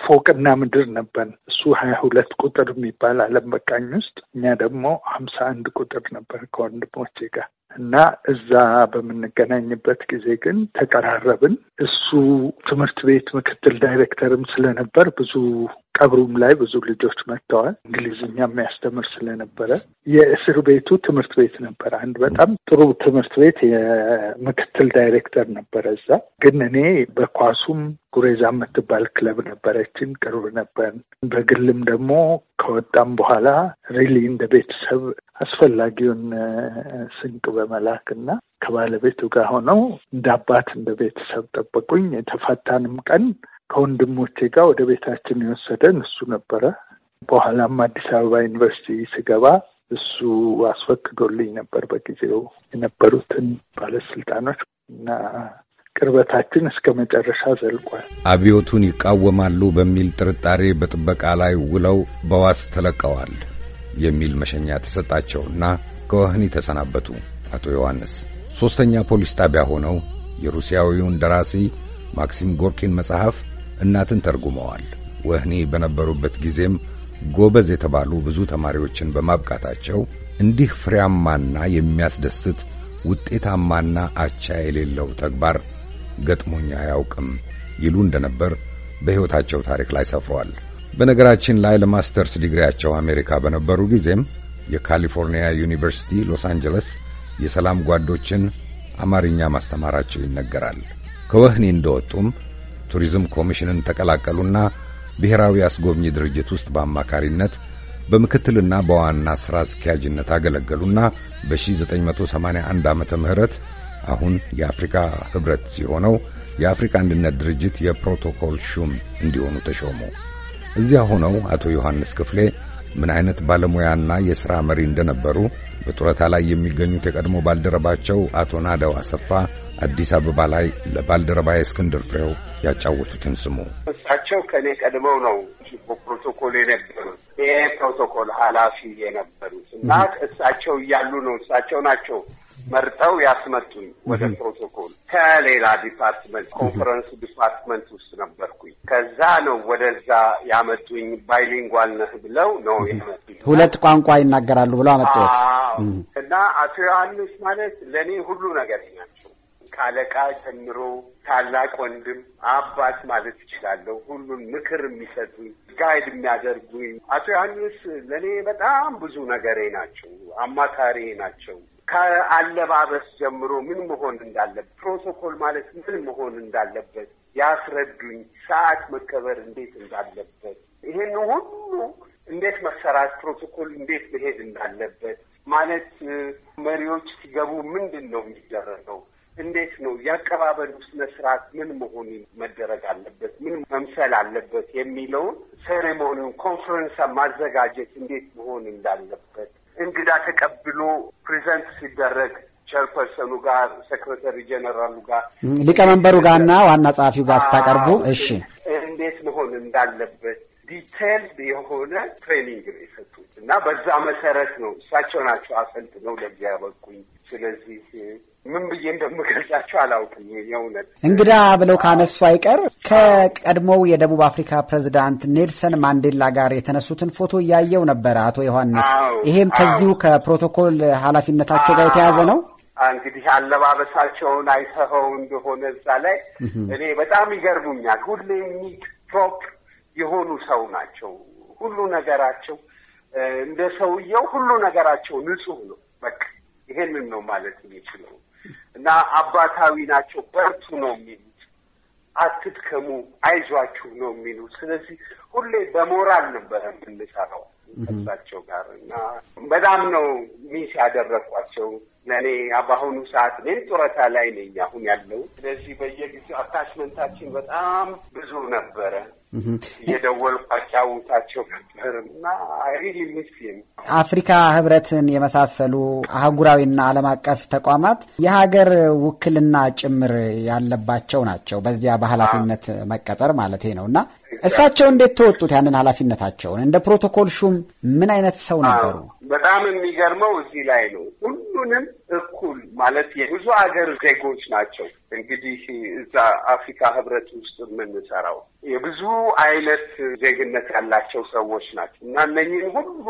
ፎቅና ምድር ነበር። እሱ ሀያ ሁለት ቁጥር የሚባል አለም በቃኝ ውስጥ እኛ ደግሞ ሀምሳ አንድ ቁጥር ነበር ከወንድሞቼ ጋር እና እዛ በምንገናኝበት ጊዜ ግን ተቀራረብን። እሱ ትምህርት ቤት ምክትል ዳይሬክተርም ስለነበር ብዙ ቀብሩም ላይ ብዙ ልጆች መጥተዋል። እንግሊዝኛ የሚያስተምር ስለነበረ የእስር ቤቱ ትምህርት ቤት ነበር። አንድ በጣም ጥሩ ትምህርት ቤት የምክትል ዳይሬክተር ነበረ። እዛ ግን እኔ በኳሱም ጉሬዛ የምትባል ክለብ ነበረችን፣ ቅርብ ነበር። በግልም ደግሞ ከወጣም በኋላ ሪሊ እንደ ቤተሰብ አስፈላጊውን ስንቅ በመላክ እና ከባለቤቱ ጋር ሆነው እንደ አባት እንደ ቤተሰብ ጠበቁኝ። የተፋታንም ቀን ከወንድሞቼ ጋር ወደ ቤታችን የወሰደን እሱ ነበረ። በኋላም አዲስ አበባ ዩኒቨርሲቲ ስገባ እሱ አስፈክዶልኝ ነበር በጊዜው የነበሩትን ባለስልጣኖች እና ቅርበታችን እስከ መጨረሻ ዘልቋል። አብዮቱን ይቃወማሉ በሚል ጥርጣሬ በጥበቃ ላይ ውለው በዋስ ተለቀዋል። የሚል መሸኛ ተሰጣቸውና ከወህኒ ተሰናበቱ። አቶ ዮሐንስ ሦስተኛ ፖሊስ ጣቢያ ሆነው የሩሲያዊውን ደራሲ ማክሲም ጎርኪን መጽሐፍ እናትን ተርጉመዋል። ወህኒ በነበሩበት ጊዜም ጎበዝ የተባሉ ብዙ ተማሪዎችን በማብቃታቸው እንዲህ ፍሬያማና የሚያስደስት ውጤታማና አቻ የሌለው ተግባር ገጥሞኛ አያውቅም ይሉ እንደነበር በሕይወታቸው ታሪክ ላይ ሰፍሯል። በነገራችን ላይ ለማስተርስ ዲግሪያቸው አሜሪካ በነበሩ ጊዜም የካሊፎርኒያ ዩኒቨርሲቲ ሎስ አንጀለስ የሰላም ጓዶችን አማርኛ ማስተማራቸው ይነገራል። ከወህኒ እንደወጡም ቱሪዝም ኮሚሽንን ተቀላቀሉና ብሔራዊ አስጎብኚ ድርጅት ውስጥ በአማካሪነት በምክትልና በዋና ሥራ አስኪያጅነት አገለገሉና በ1981 ዓመተ ምህረት አሁን የአፍሪካ ህብረት ሲሆነው የአፍሪካ አንድነት ድርጅት የፕሮቶኮል ሹም እንዲሆኑ ተሾሙ። እዚያ ሆነው አቶ ዮሐንስ ክፍሌ ምን አይነት ባለሙያና የሥራ መሪ እንደነበሩ በጡረታ ላይ የሚገኙት የቀድሞ ባልደረባቸው አቶ ናዳው አሰፋ አዲስ አበባ ላይ ለባልደረባ እስክንድር ፍሬው ያጫወቱትን ስሙ። እሳቸው ከእኔ ቀድመው ነው ፕሮቶኮል የነበሩት ይህ ፕሮቶኮል ኃላፊ የነበሩት እና እሳቸው እያሉ ነው እሳቸው ናቸው መርጠው ያስመጡኝ ወደ ፕሮቶኮል። ከሌላ ዲፓርትመንት ኮንፈረንስ ዲፓርትመንት ውስጥ ነበርኩኝ። ከዛ ነው ወደዛ ያመጡኝ። ባይሊንጓል ነህ ብለው ነው ያመጡኝ። ሁለት ቋንቋ ይናገራሉ ብለው አመጡት እና አቶ ዮሐንስ ማለት ለእኔ ሁሉ ነገር ናቸው። ከአለቃ ጀምሮ ታላቅ ወንድም አባት ማለት እችላለሁ። ሁሉን ምክር የሚሰጡኝ ጋይድ የሚያደርጉኝ አቶ ዮሐንስ ለእኔ በጣም ብዙ ነገሬ ናቸው፣ አማካሪ ናቸው። ከአለባበስ ጀምሮ ምን መሆን እንዳለበት ፕሮቶኮል ማለት ምን መሆን እንዳለበት ያስረዱኝ። ሰዓት መከበር እንዴት እንዳለበት ይሄን ሁሉ እንዴት መሰራት ፕሮቶኮል እንዴት መሄድ እንዳለበት ማለት መሪዎች ሲገቡ ምንድን ነው የሚደረገው? እንዴት ነው የአቀባበሉ ስነ ስርዓት ምን መሆን መደረግ አለበት፣ ምን መምሰል አለበት የሚለውን ሴሬሞኒውን ኮንፈረንስ ማዘጋጀት እንዴት መሆን እንዳለበት እንግዳ ተቀብሎ ፕሬዘንት ሲደረግ ቸርፐርሰኑ ጋር ሴክሬታሪ ጀነራሉ ጋር ሊቀመንበሩ ጋርና ዋና ጸሐፊው ጋር ስታቀርቡ እሺ እንዴት መሆን እንዳለበት ዲቴልድ የሆነ ትሬኒንግ ነው የሰጡት እና በዛ መሰረት ነው እሳቸው ናቸው አሰልጥነው ለዚህ ያበቁኝ። ስለዚህ ምን ብዬ እንደምገልጻቸው አላውቅም። የእውነት እንግዳ ብለው ካነሱ አይቀር ከቀድሞው የደቡብ አፍሪካ ፕሬዚዳንት ኔልሰን ማንዴላ ጋር የተነሱትን ፎቶ እያየው ነበረ አቶ ዮሐንስ። ይሄም ከዚሁ ከፕሮቶኮል ኃላፊነታቸው ጋር የተያዘ ነው። እንግዲህ አለባበሳቸውን አይተኸው እንደሆነ እዛ ላይ እኔ በጣም ይገርሙኛል። ሁሌ ኒት ፕሮፕ የሆኑ ሰው ናቸው። ሁሉ ነገራቸው እንደ ሰውየው ሁሉ ነገራቸው ንጹህ ነው። በቃ ይሄንን ነው ማለት የሚችለው እና አባታዊ ናቸው። በርቱ ነው የሚሉት፣ አትድከሙ፣ አይዟችሁ ነው የሚሉት። ስለዚህ ሁሌ በሞራል ነበረ የምንሰራው። ከእሳቸው ጋር እና በጣም ነው ሚስ ያደረግኳቸው። ለእኔ በአሁኑ ሰዓት እኔ ጡረታ ላይ ነኝ አሁን ያለው። ስለዚህ በየጊዜው አታችመንታችን በጣም ብዙ ነበረ። እየደወልኩ አጫውታቸው ነበር እና ሪሊ ሚስም አፍሪካ ህብረትን የመሳሰሉ አህጉራዊና ዓለም አቀፍ ተቋማት የሀገር ውክልና ጭምር ያለባቸው ናቸው። በዚያ በኃላፊነት መቀጠር ማለት ነው እና እሳቸው እንዴት ተወጡት ያንን ኃላፊነታቸውን? እንደ ፕሮቶኮል ሹም ምን አይነት ሰው ነበሩ? በጣም የሚገርመው እዚህ ላይ ነው። ሁሉንም እኩል ማለት የብዙ ሀገር ዜጎች ናቸው። እንግዲህ እዛ አፍሪካ ህብረት ውስጥ የምንሰራው የብዙ አይነት ዜግነት ያላቸው ሰዎች ናቸው እና እነኝህን ሁሉ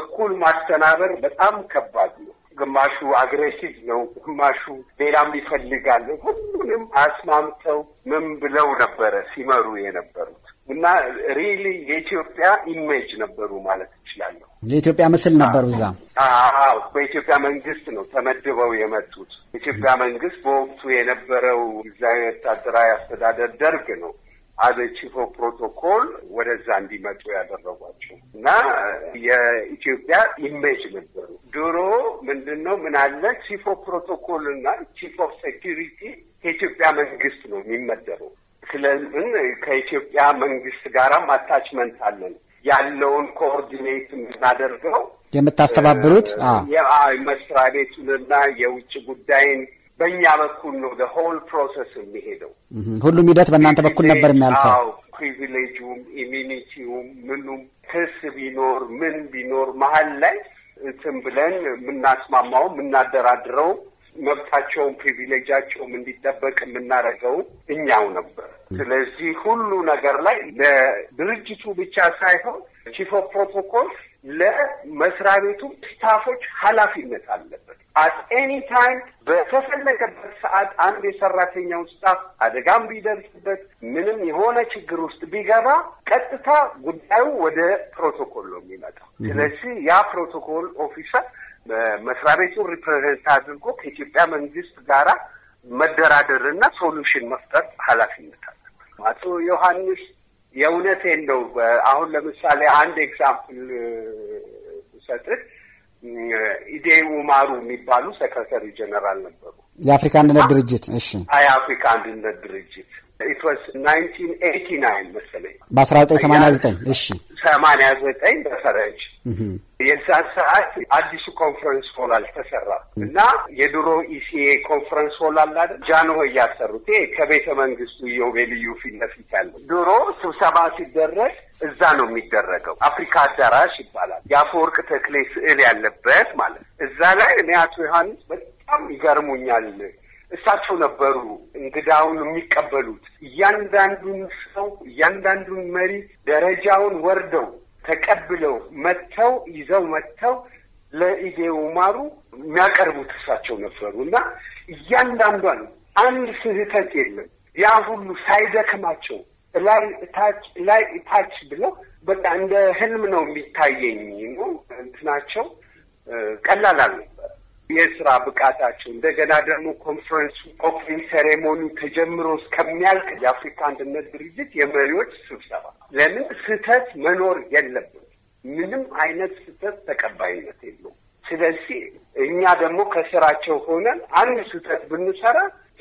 እኩል ማስተናበር በጣም ከባድ ነው። ግማሹ አግሬሲቭ ነው፣ ግማሹ ሌላም ይፈልጋል። ሁሉንም አስማምተው ምን ብለው ነበረ ሲመሩ የነበሩት? እና ሪሊ የኢትዮጵያ ኢሜጅ ነበሩ ማለት እችላለሁ። የኢትዮጵያ ምስል ነበሩ እዛ። አዎ በኢትዮጵያ መንግስት ነው ተመድበው የመጡት። የኢትዮጵያ መንግስት በወቅቱ የነበረው ጊዜያዊ ወታደራዊ አስተዳደር ደርግ ነው አዘ ቺፎ ፕሮቶኮል ወደዛ እንዲመጡ ያደረጓቸው እና የኢትዮጵያ ኢሜጅ ነበሩ። ድሮ ምንድን ነው ምን አለ ቺፎ ፕሮቶኮል እና ቺፍ ኦፍ ሴኪሪቲ ከኢትዮጵያ መንግስት ነው የሚመደበው ስለምን ከኢትዮጵያ መንግስት ጋራም አታችመንት አለን ያለውን ኮኦርዲኔት የምናደርገው የምታስተባብሩት መስሪያ ቤቱንና የውጭ ጉዳይን በእኛ በኩል ነው። ሆል ፕሮሰስ የሚሄደው ሁሉም ሂደት በእናንተ በኩል ነበር የሚያልፈው። ፕሪቪሌጁም ኢሚኒቲውም ምኑም ክስ ቢኖር ምን ቢኖር መሀል ላይ እንትን ብለን የምናስማማው የምናደራድረው መብታቸውም ፕሪቪሌጃቸውም እንዲጠበቅ የምናደርገው እኛው ነበር። ስለዚህ ሁሉ ነገር ላይ ለድርጅቱ ብቻ ሳይሆን ቺፍ ኦፍ ፕሮቶኮል ለመስሪያ ቤቱ ስታፎች ኃላፊነት አለበት። አት ኤኒ ታይም በተፈለገበት ሰዓት አንድ የሰራተኛውን ስታፍ አደጋም ቢደርስበት ምንም የሆነ ችግር ውስጥ ቢገባ ቀጥታ ጉዳዩ ወደ ፕሮቶኮል ነው የሚመጣው። ስለዚህ ያ ፕሮቶኮል ኦፊሰር መስሪያ ቤቱ ሪፕሬዘንት አድርጎ ከኢትዮጵያ መንግስት መደራደር መደራደርና ሶሉሽን መፍጠር ኃላፊነት አለበት። አቶ ዮሐንስ የእውነት ነው። አሁን ለምሳሌ አንድ ኤግዛምፕል ሰጥህ ኢዴ ኡማሩ የሚባሉ ሴክረተሪ ጀነራል ነበሩ። የአፍሪካ አንድነት ድርጅት እሺ፣ አይ አፍሪካ አንድነት ድርጅት ናይንቲን ኤይቲ ናይን መሰለኝ በአስራ ዘጠኝ ሰማንያ ዘጠኝ እሺ ሰማንያ ዘጠኝ በፈረንጅ የዛን ሰዓት አዲሱ ኮንፈረንስ ሆል አልተሰራ እና የድሮ ኢሲኤ ኮንፈረንስ ሆል አለ አይደል እያሰሩት ያሰሩት ከቤተ መንግስቱ የውቤ ፊት ለፊት ያለ ድሮ ስብሰባ ሲደረግ እዛ ነው የሚደረገው። አፍሪካ አዳራሽ ይባላል። የአፈወርቅ ተክሌ ስዕል ያለበት ማለት እዛ ላይ እኔ አቶ ዮሐንስ በጣም ይገርሙኛል እሳቸው ነበሩ እንግዳውን የሚቀበሉት። እያንዳንዱን ሰው እያንዳንዱን መሪ ደረጃውን ወርደው ተቀብለው መጥተው ይዘው መጥተው ለኢዴው ማሩ የሚያቀርቡት እሳቸው ነበሩ እና እያንዳንዷን አንድ ስህተት የለም። ያ ሁሉ ሳይደክማቸው ላይ ታች ላይ ብለው በቃ እንደ ህልም ነው የሚታየኝ ነው እንትናቸው ቀላል አልነበረ። የስራ ብቃታቸው እንደገና ደግሞ ኮንፈረንሱ ኦፕኒንግ ሴሬሞኒ ተጀምሮ እስከሚያልቅ የአፍሪካ አንድነት ድርጅት የመሪዎች ስብሰባ ለምን ስህተት መኖር የለብን። ምንም አይነት ስህተት ተቀባይነት የለውም። ስለዚህ እኛ ደግሞ ከስራቸው ሆነን አንድ ስህተት ብንሰራ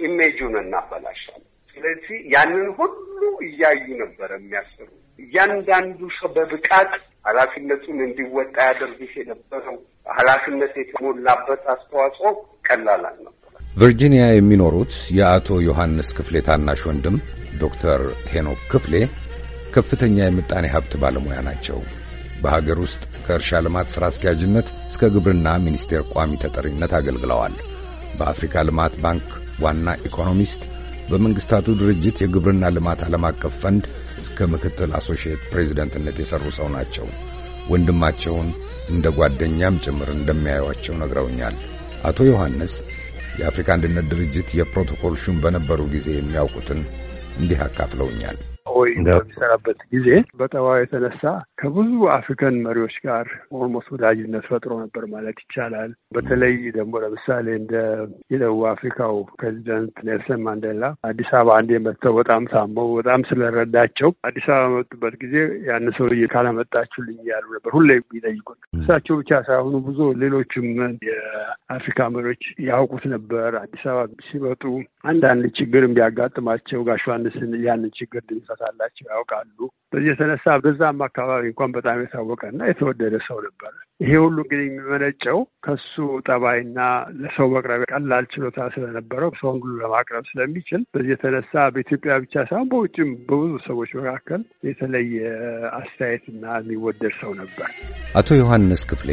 ኢሜጁን እናበላሻለን። ስለዚህ ያንን ሁሉ እያዩ ነበር የሚያስሩ እያንዳንዱ ሰው በብቃት ኃላፊነቱን እንዲወጣ ያደርጉት የነበረው ኃላፊነት የተሞላበት አስተዋጽኦ ቀላል አልነበረ። ቨርጂኒያ የሚኖሩት የአቶ ዮሐንስ ክፍሌ ታናሽ ወንድም ዶክተር ሄኖክ ክፍሌ ከፍተኛ የምጣኔ ሀብት ባለሙያ ናቸው። በሀገር ውስጥ ከእርሻ ልማት ሥራ አስኪያጅነት እስከ ግብርና ሚኒስቴር ቋሚ ተጠሪነት አገልግለዋል። በአፍሪካ ልማት ባንክ ዋና ኢኮኖሚስት፣ በመንግሥታቱ ድርጅት የግብርና ልማት ዓለም አቀፍ ፈንድ እስከ ምክትል አሶሺየት ፕሬዚደንትነት የሠሩ ሰው ናቸው። ወንድማቸውን እንደ ጓደኛም ጭምር እንደሚያዩቸው ነግረውኛል። አቶ ዮሐንስ የአፍሪካ አንድነት ድርጅት የፕሮቶኮል ሹም በነበሩ ጊዜ የሚያውቁትን እንዲህ አካፍለውኛል። ወይ በሚሰራበት ጊዜ በጠባዩ የተነሳ ከብዙ አፍሪካን መሪዎች ጋር ኦልሞስት ወዳጅነት ፈጥሮ ነበር ማለት ይቻላል። በተለይ ደግሞ ለምሳሌ እንደ የደቡብ አፍሪካው ፕሬዚደንት ኔልሰን ማንዴላ አዲስ አበባ አንዴ መጥተው በጣም ታመው በጣም ስለረዳቸው አዲስ አበባ መጡበት ጊዜ ያን ሰውዬ ካላመጣችሁልኝ እያሉ ነበር ሁሌ ይጠይቁት። እሳቸው ብቻ ሳይሆኑ ብዙ ሌሎችም የአፍሪካ መሪዎች ያውቁት ነበር። አዲስ አበባ ሲመጡ አንዳንድ ችግር ቢያጋጥማቸው ጋሽ ዮሐንስን ያንን ችግር ድንሳ እንዳላቸው ያውቃሉ። በዚህ የተነሳ በዛም አካባቢ እንኳን በጣም የታወቀ እና የተወደደ ሰው ነበር። ይሄ ሁሉ እንግዲህ የሚመነጨው ከሱ ጠባይና ለሰው መቅረብ ቀላል ችሎታ ስለነበረው ሰውን ሁሉ ለማቅረብ ስለሚችል በዚህ የተነሳ በኢትዮጵያ ብቻ ሳይሆን በውጭም በብዙ ሰዎች መካከል የተለየ አስተያየትና የሚወደድ ሰው ነበር። አቶ ዮሐንስ ክፍሌ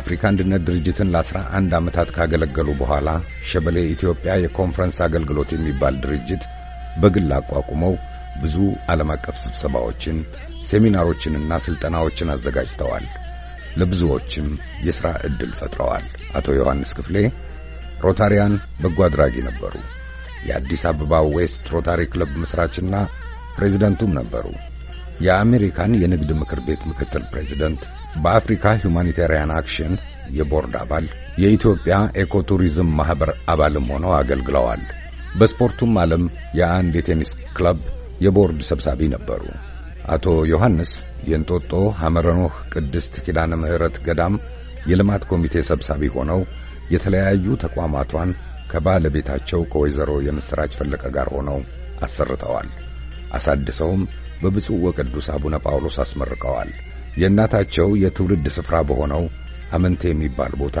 አፍሪካ አንድነት ድርጅትን ለአስራ አንድ ዓመታት ካገለገሉ በኋላ ሸበሌ ኢትዮጵያ የኮንፈረንስ አገልግሎት የሚባል ድርጅት በግል አቋቁመው ብዙ ዓለም አቀፍ ስብሰባዎችን፣ ሴሚናሮችንና ስልጠናዎችን አዘጋጅተዋል። ለብዙዎችም የሥራ ዕድል ፈጥረዋል። አቶ ዮሐንስ ክፍሌ ሮታሪያን በጎ አድራጊ ነበሩ። የአዲስ አበባ ዌስት ሮታሪ ክለብ መስራችና ፕሬዚደንቱም ነበሩ። የአሜሪካን የንግድ ምክር ቤት ምክትል ፕሬዚደንት፣ በአፍሪካ ሁማኒታሪያን አክሽን የቦርድ አባል፣ የኢትዮጵያ ኤኮቱሪዝም ማኅበር አባልም ሆነው አገልግለዋል። በስፖርቱም ዓለም የአንድ የቴኒስ ክለብ የቦርድ ሰብሳቢ ነበሩ። አቶ ዮሐንስ የእንጦጦ ሐመረኖህ ቅድስት ኪዳነ ምሕረት ገዳም የልማት ኮሚቴ ሰብሳቢ ሆነው የተለያዩ ተቋማቷን ከባለቤታቸው ከወይዘሮ የምሥራች ፈለቀ ጋር ሆነው አሰርተዋል። አሳድሰውም በብፁዕ ወቅዱስ አቡነ ጳውሎስ አስመርቀዋል። የእናታቸው የትውልድ ስፍራ በሆነው አመንቴ የሚባል ቦታ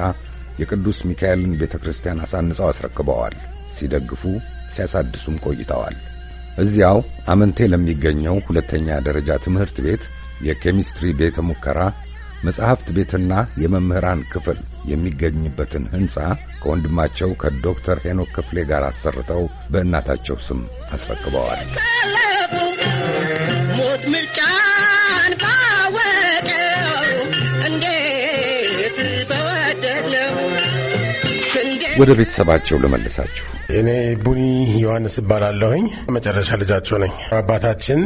የቅዱስ ሚካኤልን ቤተ ክርስቲያን አሳንጸው አስረክበዋል። ሲደግፉ ሲያሳድሱም ቆይተዋል። እዚያው አመንቴ ለሚገኘው ሁለተኛ ደረጃ ትምህርት ቤት የኬሚስትሪ ቤተ ሙከራ መጽሐፍት ቤትና የመምህራን ክፍል የሚገኝበትን ሕንፃ ከወንድማቸው ከዶክተር ሄኖክ ክፍሌ ጋር አሰርተው በእናታቸው ስም አስረክበዋል። ሞት ምርጫን ባወቀው እንዴ ወደ ቤተሰባቸው ልመልሳችሁ። እኔ ቡኒ ዮሐንስ እባላለሁኝ። መጨረሻ ልጃቸው ነኝ። አባታችን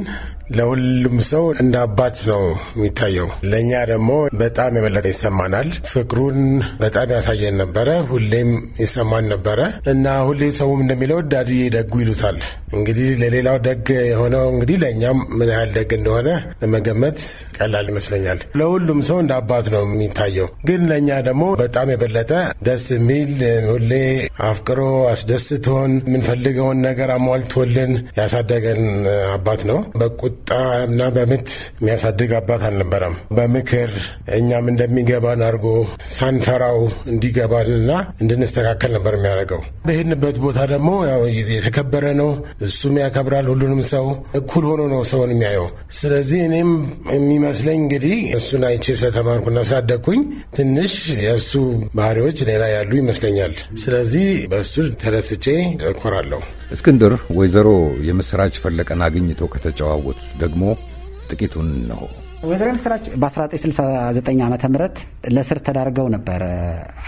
ለሁሉም ሰው እንደ አባት ነው የሚታየው። ለእኛ ደግሞ በጣም የበለጠ ይሰማናል። ፍቅሩን በጣም ያሳየን ነበረ። ሁሌም ይሰማን ነበረ እና ሁሌ ሰውም እንደሚለው ዳዲ ደጉ ይሉታል። እንግዲህ ለሌላው ደግ የሆነው እንግዲህ ለእኛም ምን ያህል ደግ እንደሆነ ለመገመት ቀላል ይመስለኛል። ለሁሉም ሰው እንደ አባት ነው የሚታየው፣ ግን ለእኛ ደግሞ በጣም የበለጠ ደስ የሚል ሁሌ አፍቅሮ አስደስቶን የምንፈልገውን ነገር አሟልቶልን ያሳደገን አባት ነው። በቁጣ እና በምት የሚያሳድግ አባት አልነበረም። በምክር እኛም እንደሚገባን አድርጎ ሳንፈራው እንዲገባንና እንድንስተካከል ነበር የሚያደርገው። በሄድንበት ቦታ ደግሞ የተከበረ ነው፣ እሱም ያከብራል ሁሉንም ሰው እኩል ሆኖ ነው ሰውን የሚያየው። ስለዚህ እኔም የሚመስለኝ እንግዲህ እሱን አይቼ ስለተማርኩና ስላደግኩኝ ትንሽ የእሱ ባህሪዎች ሌላ ያሉ ይመስለኛል። ስለዚህ በእሱ ተደስቼ እኮራለሁ። እስክንድር ወይዘሮ የምስራች ፈለቀን አግኝቶ ከተጨዋወቱት ደግሞ ጥቂቱን ነው። ወይዘሮ ምስራች በ1969 ዓ ም ለስር ተዳርገው ነበር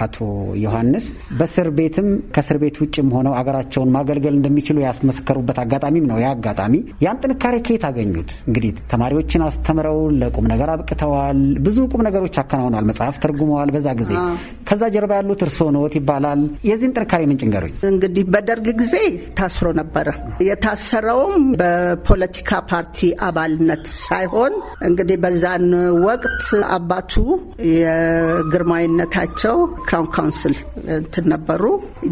አቶ ዮሐንስ። በእስር ቤትም ከእስር ቤት ውጭም ሆነው አገራቸውን ማገልገል እንደሚችሉ ያስመሰከሩበት አጋጣሚም ነው። ያ አጋጣሚ ያን ጥንካሬ ከየት አገኙት? እንግዲህ ተማሪዎችን አስተምረው ለቁም ነገር አብቅተዋል። ብዙ ቁም ነገሮች አከናውነዋል። መጽሐፍ ተርጉመዋል። በዛ ጊዜ ከዛ ጀርባ ያሉት እርስዎ ኖት ይባላል። የዚህን ጥንካሬ ምንጭ ንገሩኝ። እንግዲህ በደርግ ጊዜ ታስሮ ነበረ። የታሰረውም በፖለቲካ ፓርቲ አባልነት ሳይሆን እንግዲህ በዛን ወቅት አባቱ የግርማዊነታቸው ክራውን ካውንስል እንትን ነበሩ።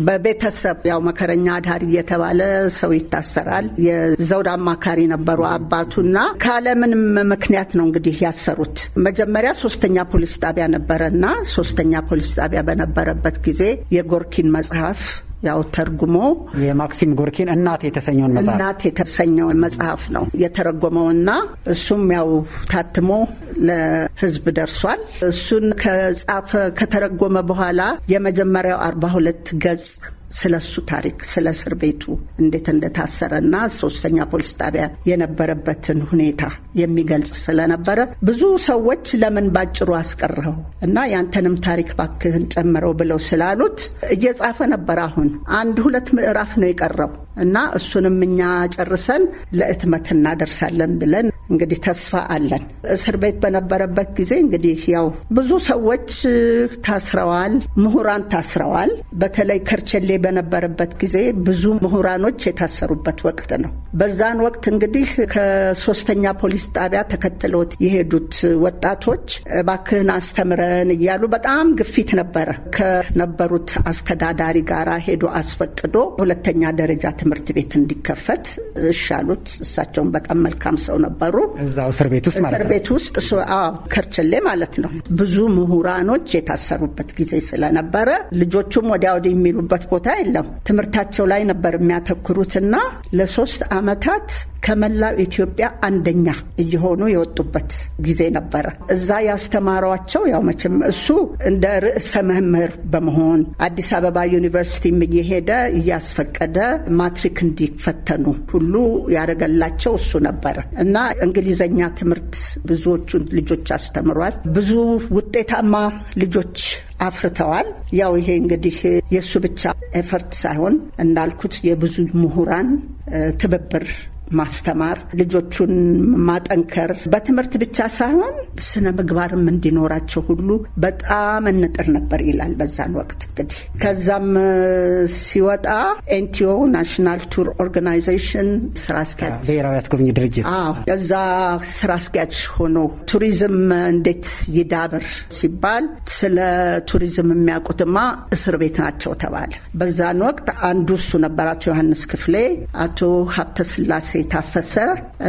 በቤተሰብ ያው መከረኛ አድሃሪ እየተባለ ሰው ይታሰራል። የዘውድ አማካሪ ነበሩ አባቱና ካለምንም ምክንያት ነው እንግዲህ ያሰሩት። መጀመሪያ ሶስተኛ ፖሊስ ጣቢያ ነበረና ሶስተኛ ፖሊስ ጣቢያ በነበረበት ጊዜ የጎርኪን መጽሐፍ ያው ተርጉሞ የማክሲም ጎርኪን እናት የተሰኘውን መጽሐፍ እናት የተሰኘውን መጽሐፍ ነው የተረጎመውና እሱም ያው ታትሞ ለህዝብ ደርሷል። እሱን ከጻፈ ከተረጎመ በኋላ የመጀመሪያው አርባ ሁለት ገጽ ስለ እሱ ታሪክ ስለ እስር ቤቱ እንዴት እንደታሰረ እና ሶስተኛ ፖሊስ ጣቢያ የነበረበትን ሁኔታ የሚገልጽ ስለነበረ ብዙ ሰዎች ለምን ባጭሩ አስቀረው እና ያንተንም ታሪክ ባክህን ጨምረው ብለው ስላሉት እየጻፈ ነበር። አሁን አንድ ሁለት ምዕራፍ ነው የቀረው እና እሱንም እኛ ጨርሰን ለህትመት እናደርሳለን ብለን እንግዲህ ተስፋ አለን። እስር ቤት በነበረበት ጊዜ እንግዲህ ያው ብዙ ሰዎች ታስረዋል፣ ምሁራን ታስረዋል። በተለይ ከርቸሌ በነበረበት ጊዜ ብዙ ምሁራኖች የታሰሩበት ወቅት ነው። በዛን ወቅት እንግዲህ ከሶስተኛ ፖሊስ ጣቢያ ተከትሎት የሄዱት ወጣቶች እባክህን አስተምረን እያሉ በጣም ግፊት ነበረ። ከነበሩት አስተዳዳሪ ጋር ሄዶ አስፈቅዶ ሁለተኛ ደረጃ ትምህርት ቤት እንዲከፈት እሻሉት። እሳቸውን በጣም መልካም ሰው ነበሩ። ሲኖሩ እዛው እስር ቤት ውስጥ እስር ቤት ውስጥ ከርችሌ ማለት ነው ብዙ ምሁራኖች የታሰሩበት ጊዜ ስለነበረ ልጆቹም ወዲያ ወዲህ የሚሉበት ቦታ የለም። ትምህርታቸው ላይ ነበር የሚያተኩሩትና ለሶስት አመታት ከመላው ኢትዮጵያ አንደኛ እየሆኑ የወጡበት ጊዜ ነበረ። እዛ ያስተማሯቸው ያው መቼም እሱ እንደ ርዕሰ መምህር በመሆን አዲስ አበባ ዩኒቨርሲቲም እየሄደ እያስፈቀደ ማትሪክ እንዲፈተኑ ሁሉ ያደረገላቸው እሱ ነበረ እና እንግሊዘኛ ትምህርት ብዙዎቹን ልጆች አስተምሯል። ብዙ ውጤታማ ልጆች አፍርተዋል። ያው ይሄ እንግዲህ የእሱ ብቻ ኤፈርት ሳይሆን እንዳልኩት የብዙ ምሁራን ትብብር ማስተማር፣ ልጆቹን ማጠንከር በትምህርት ብቻ ሳይሆን ስነ ምግባርም እንዲኖራቸው ሁሉ በጣም እንጥር ነበር ይላል። በዛን ወቅት እንግዲህ ከዛም ሲወጣ ኤንቲኦ ናሽናል ቱር ኦርጋናይዜሽን ስራ አስኪያጅ፣ ብሔራዊ አስጎብኚ ድርጅት እዛ ስራ አስኪያጅ ሆኖ ቱሪዝም እንዴት ይዳብር ሲባል ስለ ቱሪዝም የሚያውቁትማ እስር ቤት ናቸው ተባለ። በዛን ወቅት አንዱ እሱ ነበር አቶ ዮሐንስ ክፍሌ፣ አቶ ሀብተስላሴ ሥላሴ ታፈሰ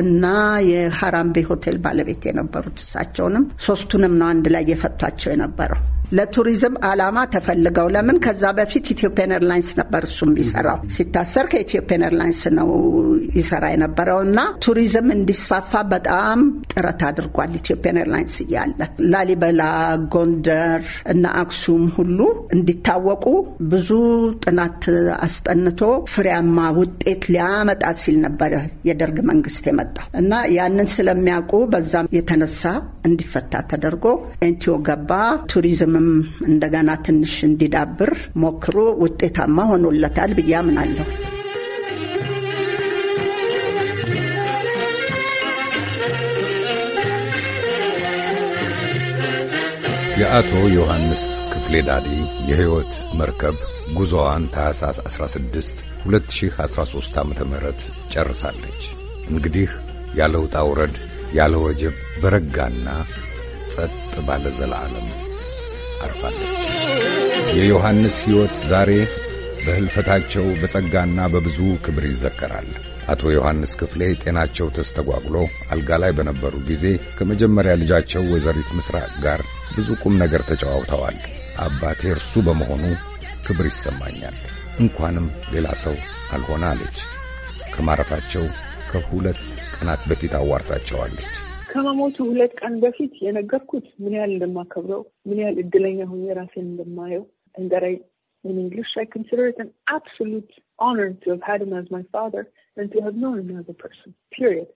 እና የሀራምቤ ሆቴል ባለቤት የነበሩት እሳቸውንም ሶስቱንም ነው አንድ ላይ የፈቷቸው የነበረው። ለቱሪዝም አላማ ተፈልገው ለምን ከዛ በፊት ኢትዮጵያን ኤርላይንስ ነበር እሱም ይሰራው ሲታሰር ከኢትዮጵያን ኤርላይንስ ነው ይሰራ የነበረው እና ቱሪዝም እንዲስፋፋ በጣም ጥረት አድርጓል። ኢትዮጵያን ኤርላይንስ እያለ ላሊበላ፣ ጎንደር እና አክሱም ሁሉ እንዲታወቁ ብዙ ጥናት አስጠንቶ ፍሬያማ ውጤት ሊያመጣ ሲል ነበረ የደርግ መንግስት የመጣው እና ያንን ስለሚያውቁ በዛም የተነሳ እንዲፈታ ተደርጎ ኤንቲዮ ገባ ቱሪዝም አቅምም እንደገና ትንሽ እንዲዳብር ሞክሮ ውጤታማ ሆኖለታል ብዬ አምናለሁ። የአቶ ዮሐንስ ክፍሌ ዳዲ የሕይወት መርከብ ጉዞዋን ታህሳስ 16 2013 ም ጨርሳለች። እንግዲህ ያለ ውጣ ውረድ ያለ ወጀብ በረጋና ጸጥ ባለ ዘላለም አርፋለች። የዮሐንስ ሕይወት ዛሬ በሕልፈታቸው በጸጋና በብዙ ክብር ይዘከራል። አቶ ዮሐንስ ክፍሌ ጤናቸው ተስተጓጉሎ አልጋ ላይ በነበሩ ጊዜ ከመጀመሪያ ልጃቸው ወይዘሪት ምስራቅ ጋር ብዙ ቁም ነገር ተጨዋውተዋል። አባቴ እርሱ በመሆኑ ክብር ይሰማኛል፣ እንኳንም ሌላ ሰው አልሆነ አለች። ከማረፋቸው ከሁለት ቀናት በፊት አዋርታቸዋለች። ከመሞቱ ሁለት ቀን በፊት የነገርኩት ምን ያህል እንደማከብረው ምን ያህል እድለኛ ሆኜ ራሴን እንደማየው እንደራይ In English, I consider it an absolute honor to have had him as my father and to have known him as a person, period.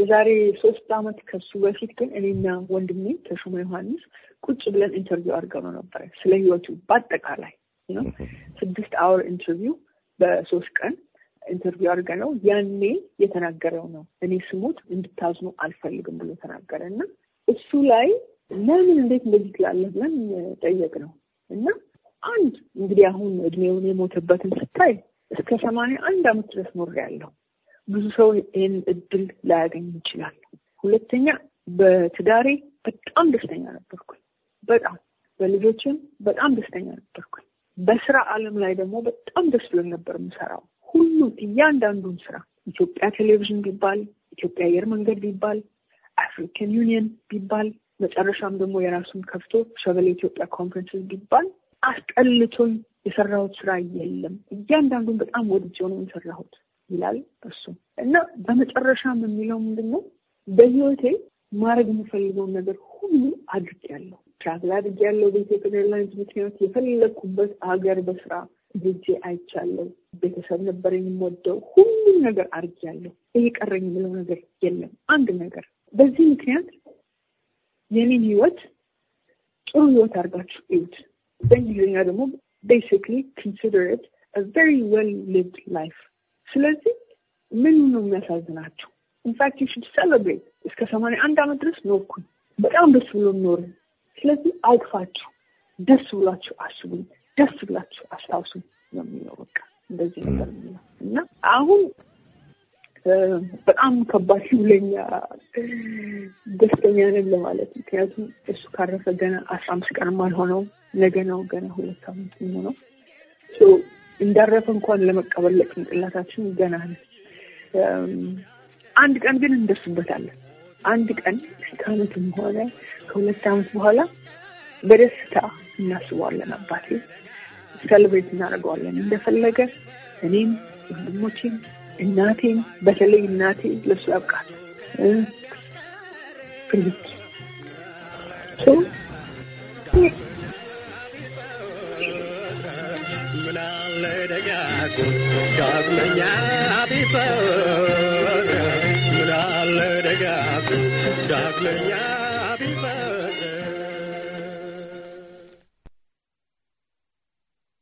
የዛሬ ሶስት አመት ከሱ በፊት ግን እኔና ወንድሜ ተሾመ ዮሐንስ ቁጭ ብለን ኢንተርቪው አድርገነው ነበረ ስለ ህይወቱ በአጠቃላይ ነው። ስድስት አወር ኢንተርቪው በሶስት ቀን ኢንተርቪው አድርገ ነው ያኔ የተናገረው ነው። እኔ ስሞት እንድታዝኑ አልፈልግም ብሎ ተናገረ እና እሱ ላይ ለምን እንዴት እንደዚህ ትላለህ ብለን ጠየቅ ነው እና አንድ እንግዲህ አሁን እድሜውን የሞተበትን ስታይ እስከ ሰማንያ አንድ አመት ድረስ ያለው ብዙ ሰው ይህን እድል ላያገኝ ይችላል። ሁለተኛ በትዳሬ በጣም ደስተኛ ነበርኩኝ። በጣም በልጆችም በጣም ደስተኛ ነበርኩኝ። በስራ አለም ላይ ደግሞ በጣም ደስ ብሎኝ ነበር የምሰራው ሁሉ እያንዳንዱን ስራ ኢትዮጵያ ቴሌቪዥን ቢባል፣ ኢትዮጵያ አየር መንገድ ቢባል፣ አፍሪካን ዩኒየን ቢባል፣ መጨረሻም ደግሞ የራሱን ከፍቶ ሸበሌ ኢትዮጵያ ኮንፈረንስ ቢባል አስጠልቶኝ የሰራሁት ስራ የለም። እያንዳንዱን በጣም ወድጄው ነው የሰራሁት ይላል እሱ እና በመጨረሻም የሚለው ምንድን ነው በህይወቴ ማድረግ የምፈልገውን ነገር ሁሉ አድርጌያለሁ። ትራቭል አድርጌያለሁ። በኢትዮጵያ ኤርላይንስ ምክንያት የፈለግኩበት አገር በስራ ልጄ አይቻለሁ። ቤተሰብ ነበረኝ የምወደው ሁሉም ነገር አድርጌያለሁ። እየቀረኝ የምለው ነገር የለም አንድ ነገር። በዚህ ምክንያት የኔን ህይወት ጥሩ ህይወት አድርጋችሁ እዩት። በእንግሊዝኛ ደግሞ ቤሲክሊ ኮንሲደር ኢት ቨሪ ዌል ሊቭድ ላይፍ። ስለዚህ ምን ነው የሚያሳዝናችሁ? ኢንፋክት ዩ ሹድ ሴሌብሬት። እስከ ሰማንያ አንድ አመት ድረስ ኖርኩኝ። በጣም ደስ ብሎ ኖርን። ስለዚህ አይግፋችሁ፣ ደስ ብሏችሁ አስቡኝ። ደስ ብላችሁ አስታውሱ ነው የሚለው። በቃ እንደዚህ ነገር የሚለው እና አሁን በጣም ከባድ ነው ደስተኛ ነን ለማለት ምክንያቱም እሱ ካረፈ ገና አስራ አምስት ቀንም አልሆነው ነገ ነው ገና ሁለት ሳምንት የሚሆነው እንዳረፈ እንኳን ለመቀበል ለጭንቅላታችን ገና ነው። አንድ ቀን ግን እንደርስበታለን። አንድ ቀን ከዓመትም ሆነ ከሁለት አመት በኋላ በደስታ እናስበዋለን አባቴ ሰልብሬት እናደርገዋለን እንደፈለገ። እኔም ወንድሞቼም እናቴም በተለይ እናቴ ልብስ ያብቃል ምናለደጋ